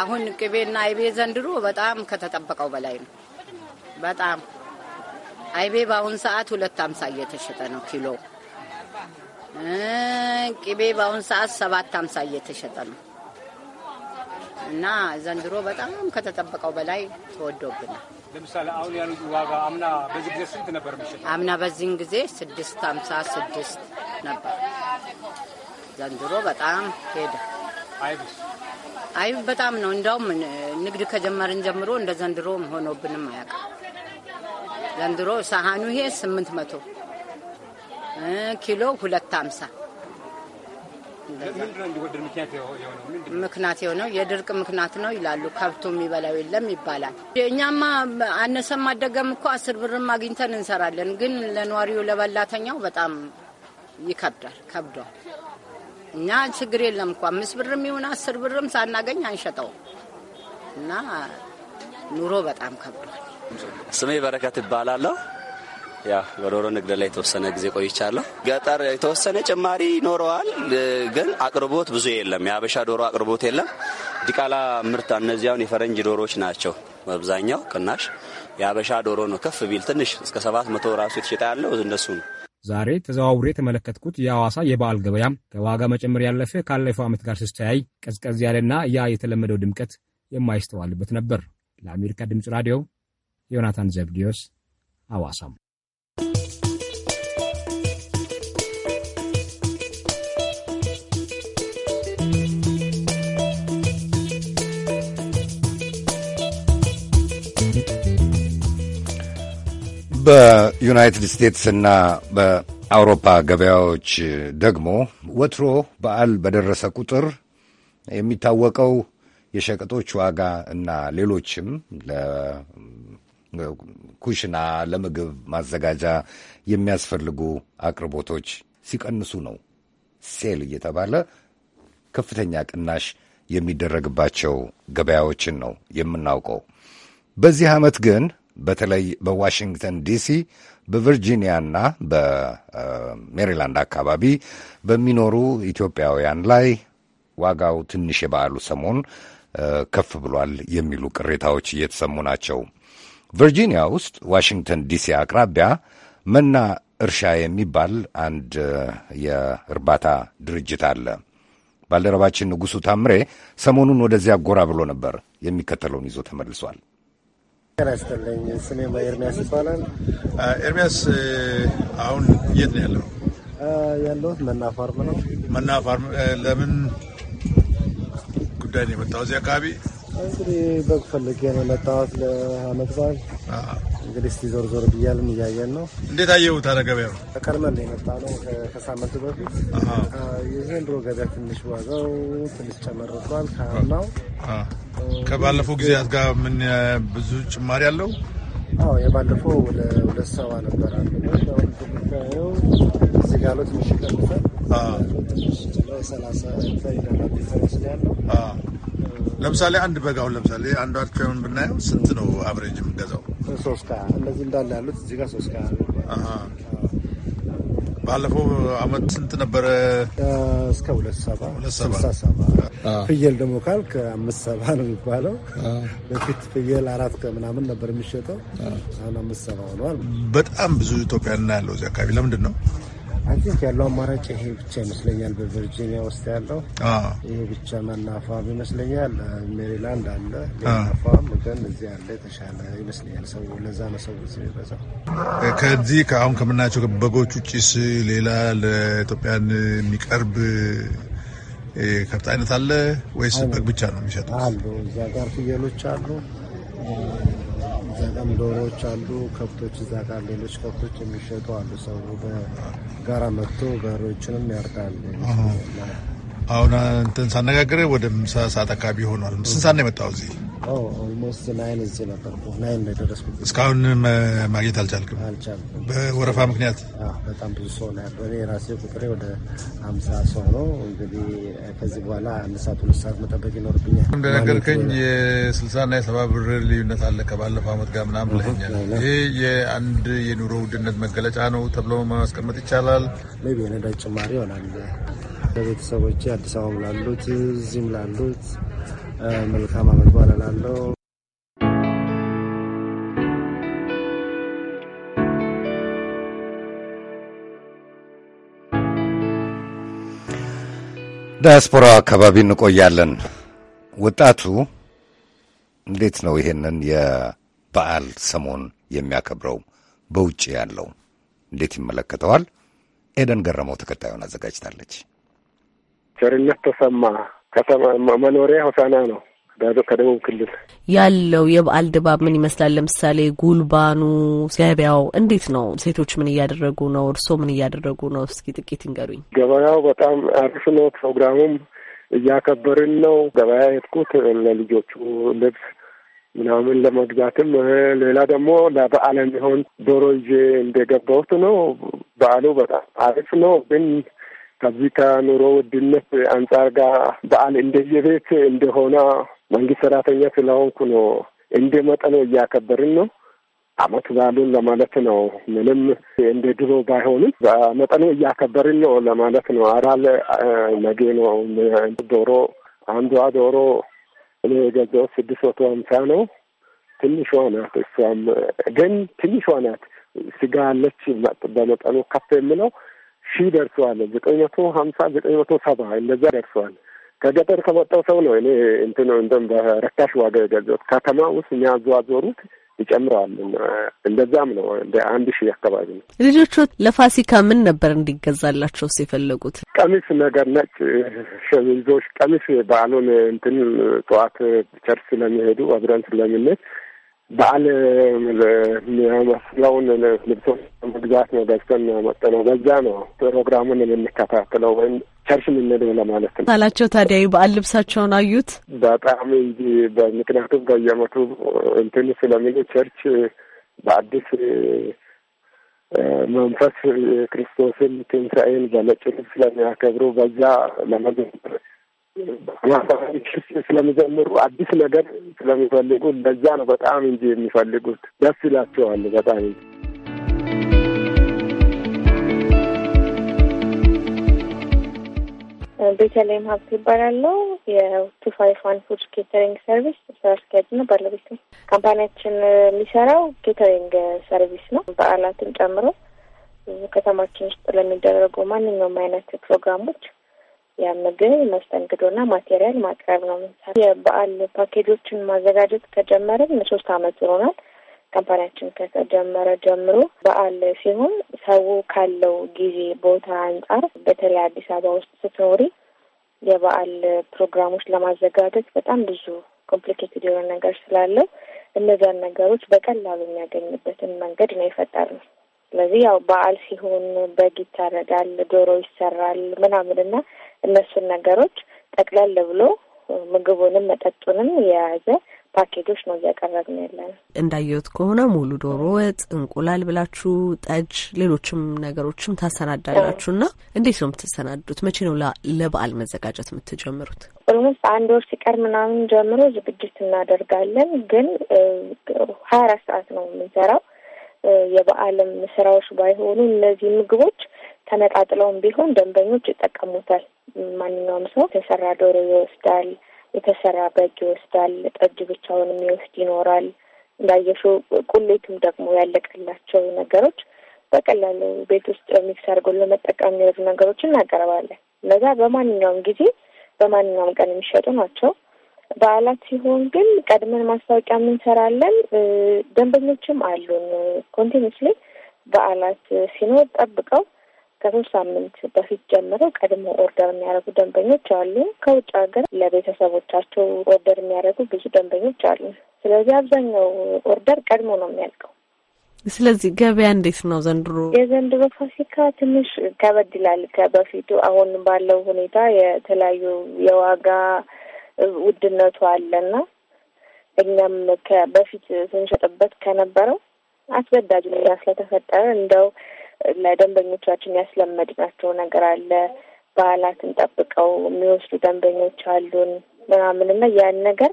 Speaker 4: አሁን ቅቤና አይቤ ዘንድሮ በጣም ከተጠበቀው በላይ ነው። በጣም አይቤ በአሁን ሰዓት ሁለት አምሳ እየተሸጠ ነው ኪሎ። ቅቤ በአሁን ሰዓት ሰባት አምሳ እየተሸጠ ነው እና ዘንድሮ በጣም ከተጠበቀው በላይ ተወዶብናል።
Speaker 17: ለምሳሌ አሁን ያሉት
Speaker 4: ዋጋ አምና በዚህ ጊዜ ስንት ነበር የሚሸጠው? አምና በዚህን ጊዜ ስድስት አምሳ ስድስት ነበር። ዘንድሮ በጣም ሄደ። አይብስ አይ በጣም ነው። እንዳውም ንግድ ከጀመርን ጀምሮ እንደ ዘንድሮ ሆኖብንም አያውቅም። ዘንድሮ ሳህኑ ይሄ ስምንት መቶ ኪሎ ሁለት ሀምሳ ምክንያት የሆነው የድርቅ ምክንያት ነው ይላሉ። ከብቶ የሚበላው የለም ይባላል። እኛማ አነሰም አደገም እኮ አስር ብርም አግኝተን እንሰራለን። ግን ለነዋሪው ለበላተኛው በጣም ይከብዳል፣ ከብዷል። እኛ ችግር የለም እኮ አምስት ብርም ይሁን አስር ብርም ሳናገኝ አንሸጠው እና ኑሮ በጣም ከብዷል።
Speaker 3: ስሜ በረከት ይባላለሁ። ያ በዶሮ ንግድ ላይ የተወሰነ ጊዜ ቆይቻለሁ። ገጠር የተወሰነ ጭማሪ ይኖረዋል፣ ግን አቅርቦት ብዙ የለም። የአበሻ ዶሮ አቅርቦት የለም። ዲቃላ ምርት እነዚያውን የፈረንጅ ዶሮዎች ናቸው በአብዛኛው ቅናሽ። የአበሻ ዶሮ ነው ከፍ ቢል ትንሽ እስከ ሰባት መቶ ራሱ የተሸጠ ያለው እነሱ ነው።
Speaker 17: ዛሬ ተዘዋውሬ የተመለከትኩት የአዋሳ የበዓል ገበያ ከዋጋ መጨመር ያለፈ ካለፈው ዓመት ጋር ስስተያይ ቀዝቀዝ ያለና ያ የተለመደው ድምቀት የማይስተዋልበት ነበር። ለአሜሪካ ድምፅ ራዲዮ ዮናታን ዘብዲዮስ አዋሳም
Speaker 1: በዩናይትድ እና በአውሮፓ ገበያዎች ደግሞ ወትሮ በዓል በደረሰ ቁጥር የሚታወቀው የሸቀጦች ዋጋ እና ሌሎችም ለኩሽና ለምግብ ማዘጋጃ የሚያስፈልጉ አቅርቦቶች ሲቀንሱ ነው። ሴል እየተባለ ከፍተኛ ቅናሽ የሚደረግባቸው ገበያዎችን ነው የምናውቀው። በዚህ ዓመት ግን በተለይ በዋሽንግተን ዲሲ በቨርጂኒያና በሜሪላንድ አካባቢ በሚኖሩ ኢትዮጵያውያን ላይ ዋጋው ትንሽ የበዓሉ ሰሞን ከፍ ብሏል የሚሉ ቅሬታዎች እየተሰሙ ናቸው። ቨርጂኒያ ውስጥ ዋሽንግተን ዲሲ አቅራቢያ መና እርሻ የሚባል አንድ የእርባታ ድርጅት አለ። ባልደረባችን ንጉሡ ታምሬ ሰሞኑን ወደዚያ ጎራ ብሎ ነበር። የሚከተለውን ይዞ ተመልሷል።
Speaker 14: ያስጠለኝ ስሜ ኤርሚያስ ይባላል። ኤርሚያስ አሁን የት ነው ያለው? ያለሁት ፋርም ነው።
Speaker 18: መና ፋርም ለምን ጉዳይ ነው የመጣሁት? እዚህ አካባቢ
Speaker 14: እንግዲህ በግ ፈልጌ ነው የመጣሁት ለአመት በዓል እንግዲህ እስቲ ዞር ዞር ብያልም እያየን ነው። እንዴት አየው አየሁት? ገበያ ነው? ቀድመን ነው የመጣ ነው ከሳምንት በፊት። የዘንድሮ ገበያ ትንሽ ዋጋው ትንሽ ጨመርቷል ብሏል ከአምናው
Speaker 18: ከባለፈው ጊዜያት ጋር ምን ብዙ ጭማሪ አለው? አዎ የባለፈው
Speaker 14: ወደ ሁለት ሰባ ነበር አለ ያው እዚህ ጋር ትንሽ ይቀንሳል። ትንሽ ሰላሳ ይደላል ስላለው
Speaker 18: ለምሳሌ አንድ በጋውን ለምሳሌ አንዷ አድካውን ብናየው ስንት ነው አብሬጅ የምንገዛው?
Speaker 14: ሶስት እንደዚህ እንዳለ ያሉት እዚህ ጋር ሶስት ባለፈው አመት ስንት ነበረ? እስከ ሁለት ሰባ ስልሳ ሰባ ፍየል ደግሞ ካልክ አምስት ሰባ ነው የሚባለው። በፊት ፍየል አራት ከምናምን ነበር የሚሸጠው፣ አሁን አምስት ሰባ ሆነዋል።
Speaker 18: በጣም ብዙ ኢትዮጵያ እና ያለው እዚህ አካባቢ ለምንድን ነው?
Speaker 14: አንቲክ ያለው አማራጭ ይሄ ብቻ ይመስለኛል። በቨርጂኒያ ውስጥ ያለው ይሄ ብቻ መናፋም ይመስለኛል። ሜሪላንድ አለ ፋም፣ ግን እዚህ ያለ የተሻለ ይመስለኛል። ሰው ለዛ ነው ሰው እዚህ የሚበዛው።
Speaker 18: ከዚህ ከአሁን ከምናያቸው በጎች ውጭስ ሌላ ለኢትዮጵያን የሚቀርብ ከብት አይነት አለ ወይስ በግ ብቻ ነው የሚሸጠው?
Speaker 14: አሉ እዛ ጋር ፍየሎች አሉ እዛ ጋም ዶሮዎች አሉ፣ ከብቶች እዛ ጋር ሌሎች ከብቶች የሚሸጡ አሉ። ሰው በጋራ መጥቶ በሬዎችንም ያርዳሉ።
Speaker 18: አሁን እንትን ሳነጋግረ ወደ ምሳ ሰዓት አካባቢ ሆኗል። ስንት ሰዓት ነው የመጣው እዚህ?
Speaker 14: ኦልሞስት እዚህ ነበርኩ። እስካሁን
Speaker 18: ማግኘት አልቻልክም? በወረፋ ምክንያት
Speaker 14: በጣም ብዙ ሰው ነው ያለው። እኔ ራሴ ቁጥሬ ወደ አምሳ ሰው ነው። እንግዲህ ከዚህ በኋላ አንድ ሰዓት ሁለት ሰዓት መጠበቅ ይኖርብኛል።
Speaker 18: እንደነገርከኝ የስልሳና የሰባ ብር ልዩነት አለ ከባለፈው አመት ጋር ምናምን ብለኸኛል። ይሄ
Speaker 14: የአንድ የኑሮ ውድነት መገለጫ ነው ተብሎ ማስቀመጥ ይቻላል። ነዳጅ ጭማሪ ይሆናል ለቤተሰቦቼ አዲስ አበባም ላሉት እዚህም ላሉት መልካም አመት በዓል እላለሁ።
Speaker 1: ዳያስፖራ አካባቢ እንቆያለን። ወጣቱ እንዴት ነው ይሄንን የበዓል ሰሞን የሚያከብረው? በውጭ ያለው እንዴት ይመለከተዋል? ኤደን ገረመው ተከታዩን አዘጋጅታለች።
Speaker 13: ቸርነት ተሰማ መኖሪያ ሆሳና ነው ከደቡብ ክልል
Speaker 11: ያለው የበዓል ድባብ ምን ይመስላል? ለምሳሌ ጉልባኑ፣ ገበያው እንዴት ነው? ሴቶች ምን እያደረጉ ነው? እርስዎ ምን እያደረጉ ነው? እስኪ ጥቂት ይንገሩኝ።
Speaker 13: ገበያው በጣም አሪፍ ነው። ፕሮግራሙም እያከበርን ነው። ገበያ የሄድኩት ለልጆቹ ልብስ ምናምን ለመግዛትም፣ ሌላ ደግሞ ለበዓል የሚሆን ዶሮ ይዤ እንደገባሁት ነው። በዓሉ በጣም አሪፍ ነው ግን ከዚህ ከኑሮ ውድነት አንጻር ጋር በዓል እንደየቤት እንደሆነ መንግስት ሰራተኛ ስለሆንኩ ነው እንደ መጠኑ እያከበርን ነው። አመት በዓሉን ለማለት ነው። ምንም እንደ ድሮ ባይሆንም በመጠኑ እያከበርን ነው ለማለት ነው። አራል ነገ ነው። ዶሮ አንዷ ዶሮ እኔ የገዛሁት ስድስት መቶ ሀምሳ ነው። ትንሿ ናት። እሷም ግን ትንሿ ናት። ስጋ አለች በመጠኑ ከፍ የምለው ሺህ ደርሰዋል። ዘጠኝ መቶ ሀምሳ ዘጠኝ መቶ ሰባ እንደዛ ደርሰዋል። ከገጠር ከመጣው ሰው ነው እኔ እንትን እንደም በረካሽ ዋጋ የገዛሁት። ከተማ ውስጥ የሚያዘዋዘሩት ይጨምረዋል። እንደዛም ነው እንደ አንድ ሺህ አካባቢ ነው።
Speaker 11: ልጆቹ ለፋሲካ ምን ነበር ስ የፈለጉት?
Speaker 13: ቀሚስ ነገር፣ ነጭ ሸሚዞች፣ ቀሚስ በዓሉን እንትን ጠዋት ቸርች ስለሚሄዱ አብረን ስለምንሄድ በዓል የሚመስለውን ልብሶች መግዛት ነው ገዝተን መጠ ነው በዛ ነው ፕሮግራሙን የምንከታተለው ወይም ቸርች የምንሄደው ለማለት ነው
Speaker 11: አላቸው። ታዲያ በዓል ልብሳቸውን አዩት
Speaker 13: በጣም እንጂ በምክንያቱም በየመቱ እንትን ስለሚሉ ቸርች በአዲስ መንፈስ የክርስቶስን ትንሣኤን በነጭ ልብስ ስለሚያከብሩ በዛ ለመገ ማህበራዊ ስለሚጀምሩ አዲስ ነገር ስለሚፈልጉ ለዛ ነው በጣም እንጂ የሚፈልጉት ደስ ይላቸዋል በጣም
Speaker 16: ቤተልሔም ሀብት ይባላለው የቱ ፋይቭ ዋን ፉድ ኬተሪንግ ሰርቪስ ስራ አስኪያጅ ነው ባለቤት ነው። ካምፓኒያችን የሚሰራው ኬተሪንግ ሰርቪስ ነው። በዓላትን ጨምሮ ከተማችን ውስጥ ለሚደረጉ ማንኛውም አይነት ፕሮግራሞች የምግብ መስተንግዶና ማቴሪያል ማቅረብ ነው ምንሰራ። የበዓል ፓኬጆችን ማዘጋጀት ከጀመርን ሶስት አመት ይሆናል። ካምፓኒያችን ከተጀመረ ጀምሮ በዓል ሲሆን ሰው ካለው ጊዜ ቦታ አንጻር በተለይ አዲስ አበባ ውስጥ ስትኖሪ የበዓል ፕሮግራሞች ለማዘጋጀት በጣም ብዙ ኮምፕሊኬትድ የሆነ ነገር ስላለው እነዚያን ነገሮች በቀላሉ የሚያገኝበትን መንገድ ነው የፈጠርነው። ስለዚህ ያው በዓል ሲሆን በግ ይታረዳል፣ ዶሮ ይሰራል ና። እነሱን ነገሮች ጠቅለል ብሎ ምግቡንም መጠጡንም የያዘ ፓኬጆች ነው እያቀረብን ያለ ነው።
Speaker 11: እንዳየሁት ከሆነ ሙሉ ዶሮ ወጥ፣ እንቁላል ብላችሁ ጠጅ፣ ሌሎችም ነገሮችም ታሰናዳላችሁ እና እንዴት ነው የምትሰናዱት? መቼ ነው ለበዓል መዘጋጀት የምትጀምሩት?
Speaker 16: ኦልሞስት አንድ ወር ሲቀር ምናምን ጀምሮ ዝግጅት እናደርጋለን። ግን ሀያ አራት ሰዓት ነው የምንሰራው። የበዓልም ስራዎች ባይሆኑ እነዚህ ምግቦች ተነጣጥለውም ቢሆን ደንበኞች ይጠቀሙታል። ማንኛውም ሰው የተሰራ ዶሮ ይወስዳል፣ የተሰራ በግ ይወስዳል፣ ጠጅ ብቻውን ይወስድ ይኖራል። እንዳየሹ ቁሌትም ደግሞ ያለቀላቸው ነገሮች በቀላሉ ቤት ውስጥ ሚክስ አድርጎ ለመጠቀም የሚረዱ ነገሮች እናቀርባለን። እነዛ በማንኛውም ጊዜ በማንኛውም ቀን የሚሸጡ ናቸው። በዓላት ሲሆን ግን ቀድመን ማስታወቂያ የምንሰራለን። ደንበኞችም አሉን ኮንቲኒስሊ በዓላት ሲኖር ጠብቀው ከሶስት ሳምንት በፊት ጀምሮ ቀድሞ ኦርደር የሚያደርጉ ደንበኞች አሉ። ከውጭ ሀገር ለቤተሰቦቻቸው ኦርደር የሚያደርጉ ብዙ ደንበኞች አሉ። ስለዚህ አብዛኛው ኦርደር ቀድሞ ነው የሚያልቀው።
Speaker 11: ስለዚህ ገበያ እንዴት ነው ዘንድሮ?
Speaker 16: የዘንድሮ ፋሲካ ትንሽ ከበድ ይላል ከበፊቱ። አሁን ባለው ሁኔታ የተለያዩ የዋጋ ውድነቱ አለና እኛም በፊት ስንሸጥበት ከነበረው አስገዳጅ ሁኔታ ስለተፈጠረ እንደው ለደንበኞቻችን ያስለመድናቸው ነገር አለ። በዓላትን ጠብቀው የሚወስዱ ደንበኞች አሉን ምናምን እና ያን ነገር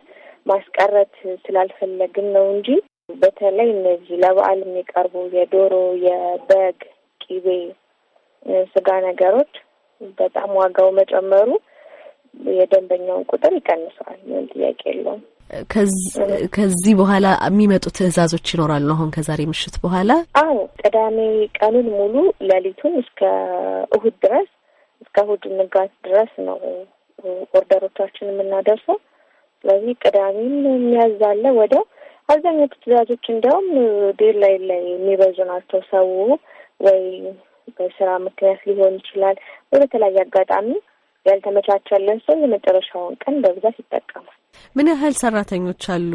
Speaker 16: ማስቀረት ስላልፈለግን ነው እንጂ በተለይ እነዚህ ለበዓል የሚቀርቡ የዶሮ፣ የበግ፣ ቂቤ፣ ስጋ ነገሮች በጣም ዋጋው መጨመሩ የደንበኛውን ቁጥር ይቀንሰዋል። ምን ጥያቄ የለውም።
Speaker 11: ከዚህ በኋላ የሚመጡ ትዕዛዞች ይኖራሉ። አሁን ከዛሬ ምሽት በኋላ
Speaker 16: አዎ፣ ቅዳሜ ቀኑን ሙሉ ሌሊቱን እስከ እሁድ ድረስ እስከ እሁድ ንጋት ድረስ ነው ኦርደሮቻችን የምናደርሰው። ስለዚህ ቅዳሜም የሚያዛለ ወዲያው አብዛኞቹ ትዕዛዞች እንዲያውም ዴር ላይ ላይ የሚበዙ ናቸው። ሰው ወይ በስራ ምክንያት ሊሆን ይችላል፣ ወደ አጋጣሚ ያልተመቻቸለን ሰው የመጨረሻውን ቀን በብዛት ይጠቀማል።
Speaker 11: ምን ያህል ሰራተኞች አሉ?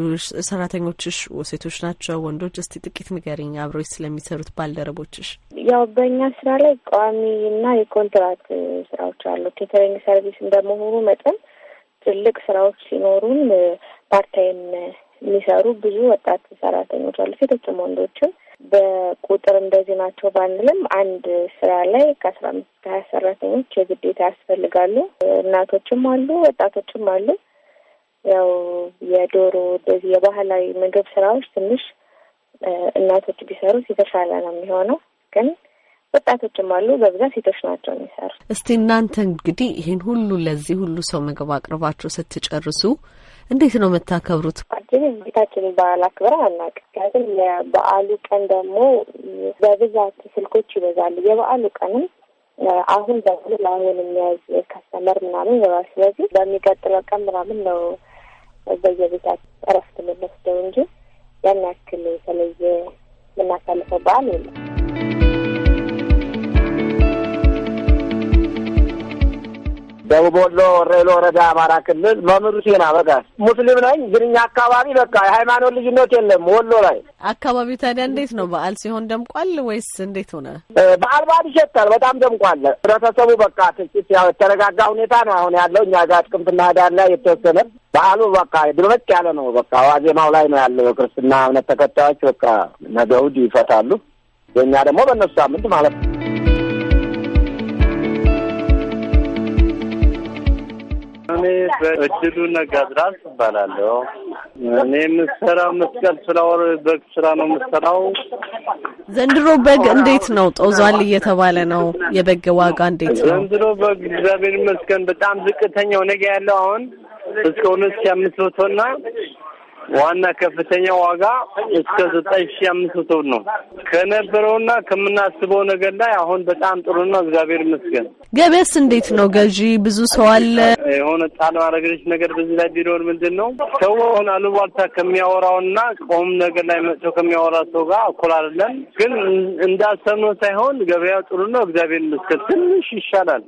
Speaker 11: ሰራተኞችሽ ሴቶች ናቸው ወንዶች? እስቲ ጥቂት ንገሪኝ፣ አብሮች ስለሚሰሩት ባልደረቦችሽ።
Speaker 16: ያው በእኛ ስራ ላይ ቋሚ እና የኮንትራት ስራዎች አሉ። ኬተሪንግ ሰርቪስ እንደመሆኑ መጠን ትልቅ ስራዎች ሲኖሩን ፓርታይም የሚሰሩ ብዙ ወጣት ሰራተኞች አሉ፣ ሴቶችም ወንዶችም። በቁጥር እንደዚህ ናቸው ባንልም አንድ ስራ ላይ ከአስራ አምስት ከሀያ ሰራተኞች የግዴታ ያስፈልጋሉ። እናቶችም አሉ፣ ወጣቶችም አሉ። ያው የዶሮ እንደዚህ የባህላዊ ምግብ ስራዎች ትንሽ እናቶች ቢሰሩት የተሻለ ነው የሚሆነው ግን ወጣቶችም አሉ። በብዛት ሴቶች ናቸው የሚሰሩ።
Speaker 11: እስቲ እናንተ እንግዲህ ይህን ሁሉ ለዚህ ሁሉ ሰው ምግብ አቅርባችሁ ስትጨርሱ እንዴት ነው የምታከብሩት?
Speaker 16: አጅን ቤታችንን በዓል አክብረ አናውቅም። ምክንያቱም የበዓሉ ቀን ደግሞ በብዛት ስልኮች ይበዛሉ። የበዓሉ ቀንም አሁን በሙሉ ለአሁን የሚያዝ ከስተመር ምናምን ይኖራል። ስለዚህ በሚቀጥለው ቀን ምናምን ነው በየቤታት እረፍት የምንወስደው እንጂ ያን ያክል የተለየ የምናሳልፈው በዓል የለም።
Speaker 13: ደቡብ ወሎ ወረኢሉ ወረዳ አማራ ክልል መምህር ሴና በቃ ሙስሊም
Speaker 11: ነኝ፣ ግን እኛ አካባቢ በቃ የሃይማኖት ልዩነት የለም። ወሎ ላይ አካባቢው ታዲያ እንዴት ነው? በዓል ሲሆን ደምቋል ወይስ እንዴት ሆነ? በዓል በዓል ይሸታል። በጣም ደምቋል። ህብረተሰቡ በቃ
Speaker 13: ትችት ያው የተረጋጋ ሁኔታ ነው አሁን ያለው። እኛ ጋር ጥቅምትና ህዳር ላይ የተወሰነ በዓሉ በቃ ድምቅ ያለ ነው። በቃ ዋዜማው ላይ ነው ያለው። የክርስትና እምነት ተከታዮች በቃ ነገ እሑድ ይፈታሉ። የእኛ ደግሞ በእነሱ ሳምንት ማለት ነው።
Speaker 14: ስሜ በእድሉ ነጋድራስ እባላለሁ። እኔ የምሰራው መስቀል ስራ በግ ስራ ነው የምሰራው።
Speaker 11: ዘንድሮ በግ እንዴት ነው ጦዟል እየተባለ ነው። የበግ ዋጋ እንዴት ነው ዘንድሮ?
Speaker 14: በግ እግዚአብሔር ይመስገን በጣም ዝቅተኛው ነገ ያለው አሁን እስከ ሁለት ሺህ አምስት መቶ እና ዋና ከፍተኛ ዋጋ እስከ ዘጠኝ ሺ አምስት መቶ ብር ነው ከነበረውና ከምናስበው ነገር ላይ አሁን በጣም ጥሩ ነው። እግዚአብሔር ይመስገን።
Speaker 11: ገበያስ እንዴት ነው? ገዢ ብዙ ሰው አለ።
Speaker 14: የሆነ ጣል ማረገች ነገር በዚህ ላይ ቢሆን ምንድን ነው ሰው አሁን አሉባልታ ከሚያወራውና ቆም ነገር ላይ መጥቶ ከሚያወራ ሰው ጋር እኩል አይደለም። ግን እንዳሰብነው ሳይሆን ገበያ ጥሩ ነው። እግዚአብሔር ይመስገን። ትንሽ ይሻላል።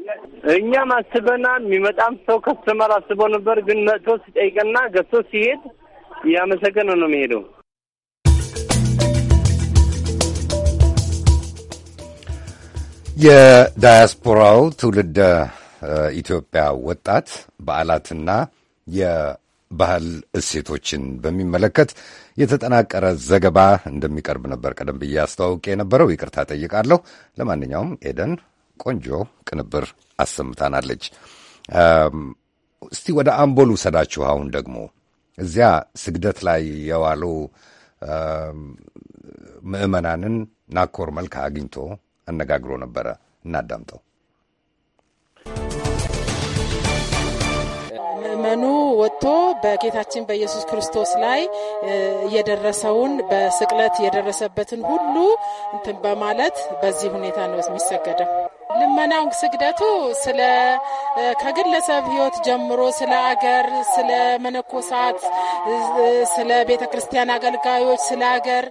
Speaker 14: እኛም አስበናል። የሚመጣም ሰው ከስተመር አስበው ነበር። ግን መጥቶ ሲጠይቅና ገብቶ ሲሄድ እያመሰገነ ነው የሚሄደው።
Speaker 1: የዳያስፖራው ትውልደ ኢትዮጵያ ወጣት በዓላትና የባህል እሴቶችን በሚመለከት የተጠናቀረ ዘገባ እንደሚቀርብ ነበር ቀደም ብዬ አስተዋውቅ የነበረው። ይቅርታ ጠይቃለሁ። ለማንኛውም ኤደን ቆንጆ ቅንብር አሰምታናለች። እስቲ ወደ አምቦሉ ሰዳችሁ አሁን ደግሞ እዚያ ስግደት ላይ የዋሉ ምዕመናንን ናኮር መልካ አግኝቶ አነጋግሮ ነበረ። እናዳምጠው።
Speaker 19: ምእመኑ ወጥቶ በጌታችን በኢየሱስ ክርስቶስ ላይ የደረሰውን በስቅለት የደረሰበትን ሁሉ እንትን በማለት በዚህ ሁኔታ ነው የሚሰገደው። ልመናው ስግደቱ ስለ ከግለሰብ ህይወት ጀምሮ ስለ አገር፣ ስለ መነኮሳት፣ ስለ ቤተ ክርስቲያን አገልጋዮች፣ ስለ አገር፣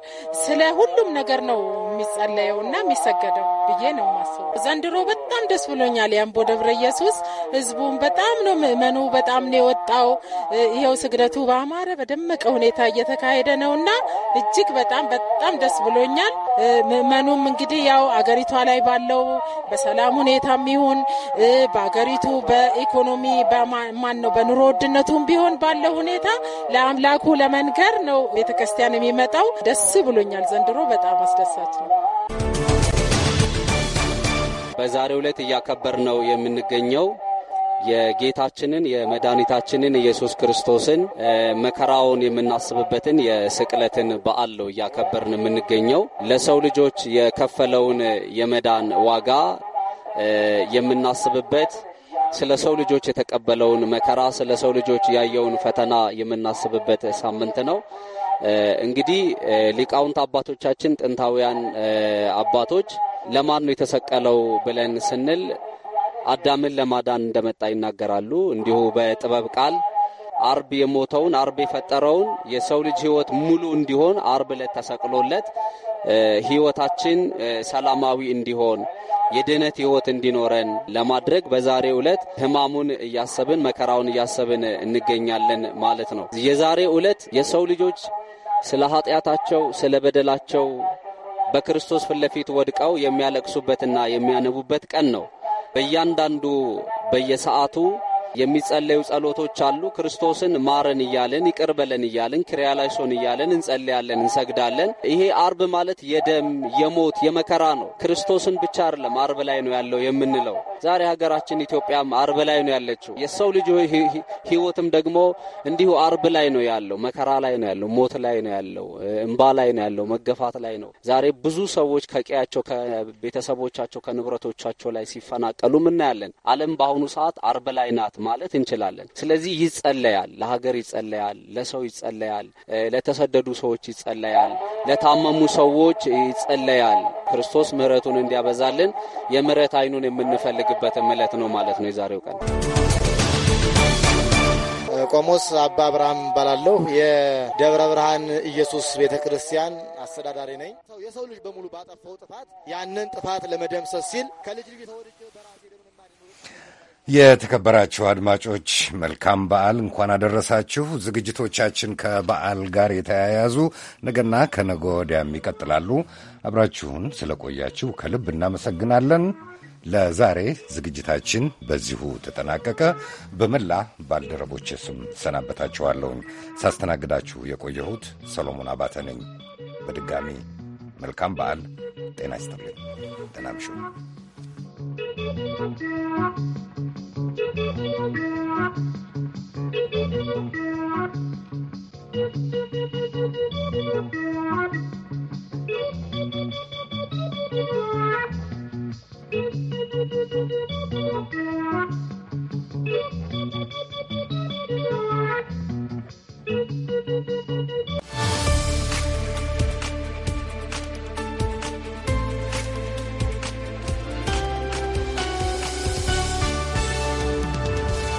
Speaker 19: ስለ ሁሉም ነገር ነው የሚጸለየውና የሚሰገደው ብዬ ነው ማስበው ዘንድሮ በጣም ደስ ብሎኛል። የአምቦ ደብረ ኢየሱስ ህዝቡም በጣም ነው ምእመኑ በጣም ነው የወጣው። ይኸው ስግደቱ በአማረ በደመቀ ሁኔታ እየተካሄደ ነውና እጅግ በጣም በጣም ደስ ብሎኛል። ምእመኑም እንግዲህ ያው አገሪቷ ላይ ባለው በሰላም ሁኔታም ይሁን በአገሪቱ በኢኮኖሚ በማን ነው በኑሮ ውድነቱም ቢሆን ባለው ሁኔታ ለአምላኩ ለመንገር ነው ቤተክርስቲያን የሚመጣው። ደስ ብሎኛል። ዘንድሮ በጣም አስደሳች ነው።
Speaker 3: በዛሬ ዕለት እያከበር ነው የምንገኘው የጌታችንን የመድኃኒታችንን ኢየሱስ ክርስቶስን መከራውን የምናስብበትን የስቅለትን በዓል ነው እያከበርን የምንገኘው። ለሰው ልጆች የከፈለውን የመዳን ዋጋ የምናስብበት፣ ስለ ሰው ልጆች የተቀበለውን መከራ፣ ስለ ሰው ልጆች ያየውን ፈተና የምናስብበት ሳምንት ነው። እንግዲህ ሊቃውንት አባቶቻችን ጥንታውያን አባቶች ለማን ነው የተሰቀለው ብለን ስንል አዳምን ለማዳን እንደመጣ ይናገራሉ። እንዲሁ በጥበብ ቃል አርብ የሞተውን አርብ የፈጠረውን የሰው ልጅ ህይወት ሙሉ እንዲሆን አርብ ዕለት ተሰቅሎለት ህይወታችን ሰላማዊ እንዲሆን የድህነት ህይወት እንዲኖረን ለማድረግ በዛሬ ዕለት ህማሙን እያሰብን መከራውን እያሰብን እንገኛለን ማለት ነው። የዛሬ ዕለት የሰው ልጆች ስለ ኃጢአታቸው ስለ በደላቸው በክርስቶስ ፊት ለፊት ወድቀው የሚያለቅሱበትና የሚያነቡበት ቀን ነው። በእያንዳንዱ በየሰዓቱ የሚጸለዩ ጸሎቶች አሉ። ክርስቶስን ማረን እያለን ይቅር በለን እያልን ክሪያላይሶን እያለን እንጸልያለን፣ እንሰግዳለን። ይሄ አርብ ማለት የደም የሞት የመከራ ነው። ክርስቶስን ብቻ አይደለም አርብ ላይ ነው ያለው የምንለው። ዛሬ ሀገራችን ኢትዮጵያም አርብ ላይ ነው ያለችው። የሰው ልጅ ህይወትም ደግሞ እንዲሁ አርብ ላይ ነው ያለው፣ መከራ ላይ ነው ያለው፣ ሞት ላይ ነው ያለው፣ እንባ ላይ ነው ያለው፣ መገፋት ላይ ነው። ዛሬ ብዙ ሰዎች ከቀያቸው ከቤተሰቦቻቸው ከንብረቶቻቸው ላይ ሲፈናቀሉ ምናያለን። ዓለም በአሁኑ ሰዓት አርብ ላይ ናት። ማለት እንችላለን። ስለዚህ ይጸለያል፣ ለሀገር ይጸለያል፣ ለሰው ይጸለያል፣ ለተሰደዱ ሰዎች ይጸለያል፣ ለታመሙ ሰዎች ይጸለያል። ክርስቶስ ምሕረቱን እንዲያበዛልን የምሕረት አይኑን የምንፈልግበት ዕለት ነው ማለት ነው የዛሬው ቀን።
Speaker 14: ቆሞስ አባ አብርሃም እባላለሁ። የደብረ ብርሃን ኢየሱስ ቤተ ክርስቲያን
Speaker 2: አስተዳዳሪ ነኝ። የሰው ልጅ በሙሉ
Speaker 14: ባጠፋው ጥፋት ያንን ጥፋት ለመደምሰስ ሲል ከልጅ ልጅ በራ
Speaker 1: የተከበራችሁ አድማጮች መልካም በዓል እንኳን አደረሳችሁ። ዝግጅቶቻችን ከበዓል ጋር የተያያዙ ነገና ከነገ ወዲያም ይቀጥላሉ። አብራችሁን ስለቆያችሁ ከልብ እናመሰግናለን። ለዛሬ ዝግጅታችን በዚሁ ተጠናቀቀ። በመላ ባልደረቦች ስም ሰናበታችኋለሁኝ። ሳስተናግዳችሁ የቆየሁት ሰሎሞን አባተ ነኝ። በድጋሚ መልካም በዓል። ጤና ይስጥልኝ።
Speaker 8: Thank you.
Speaker 16: Thank you.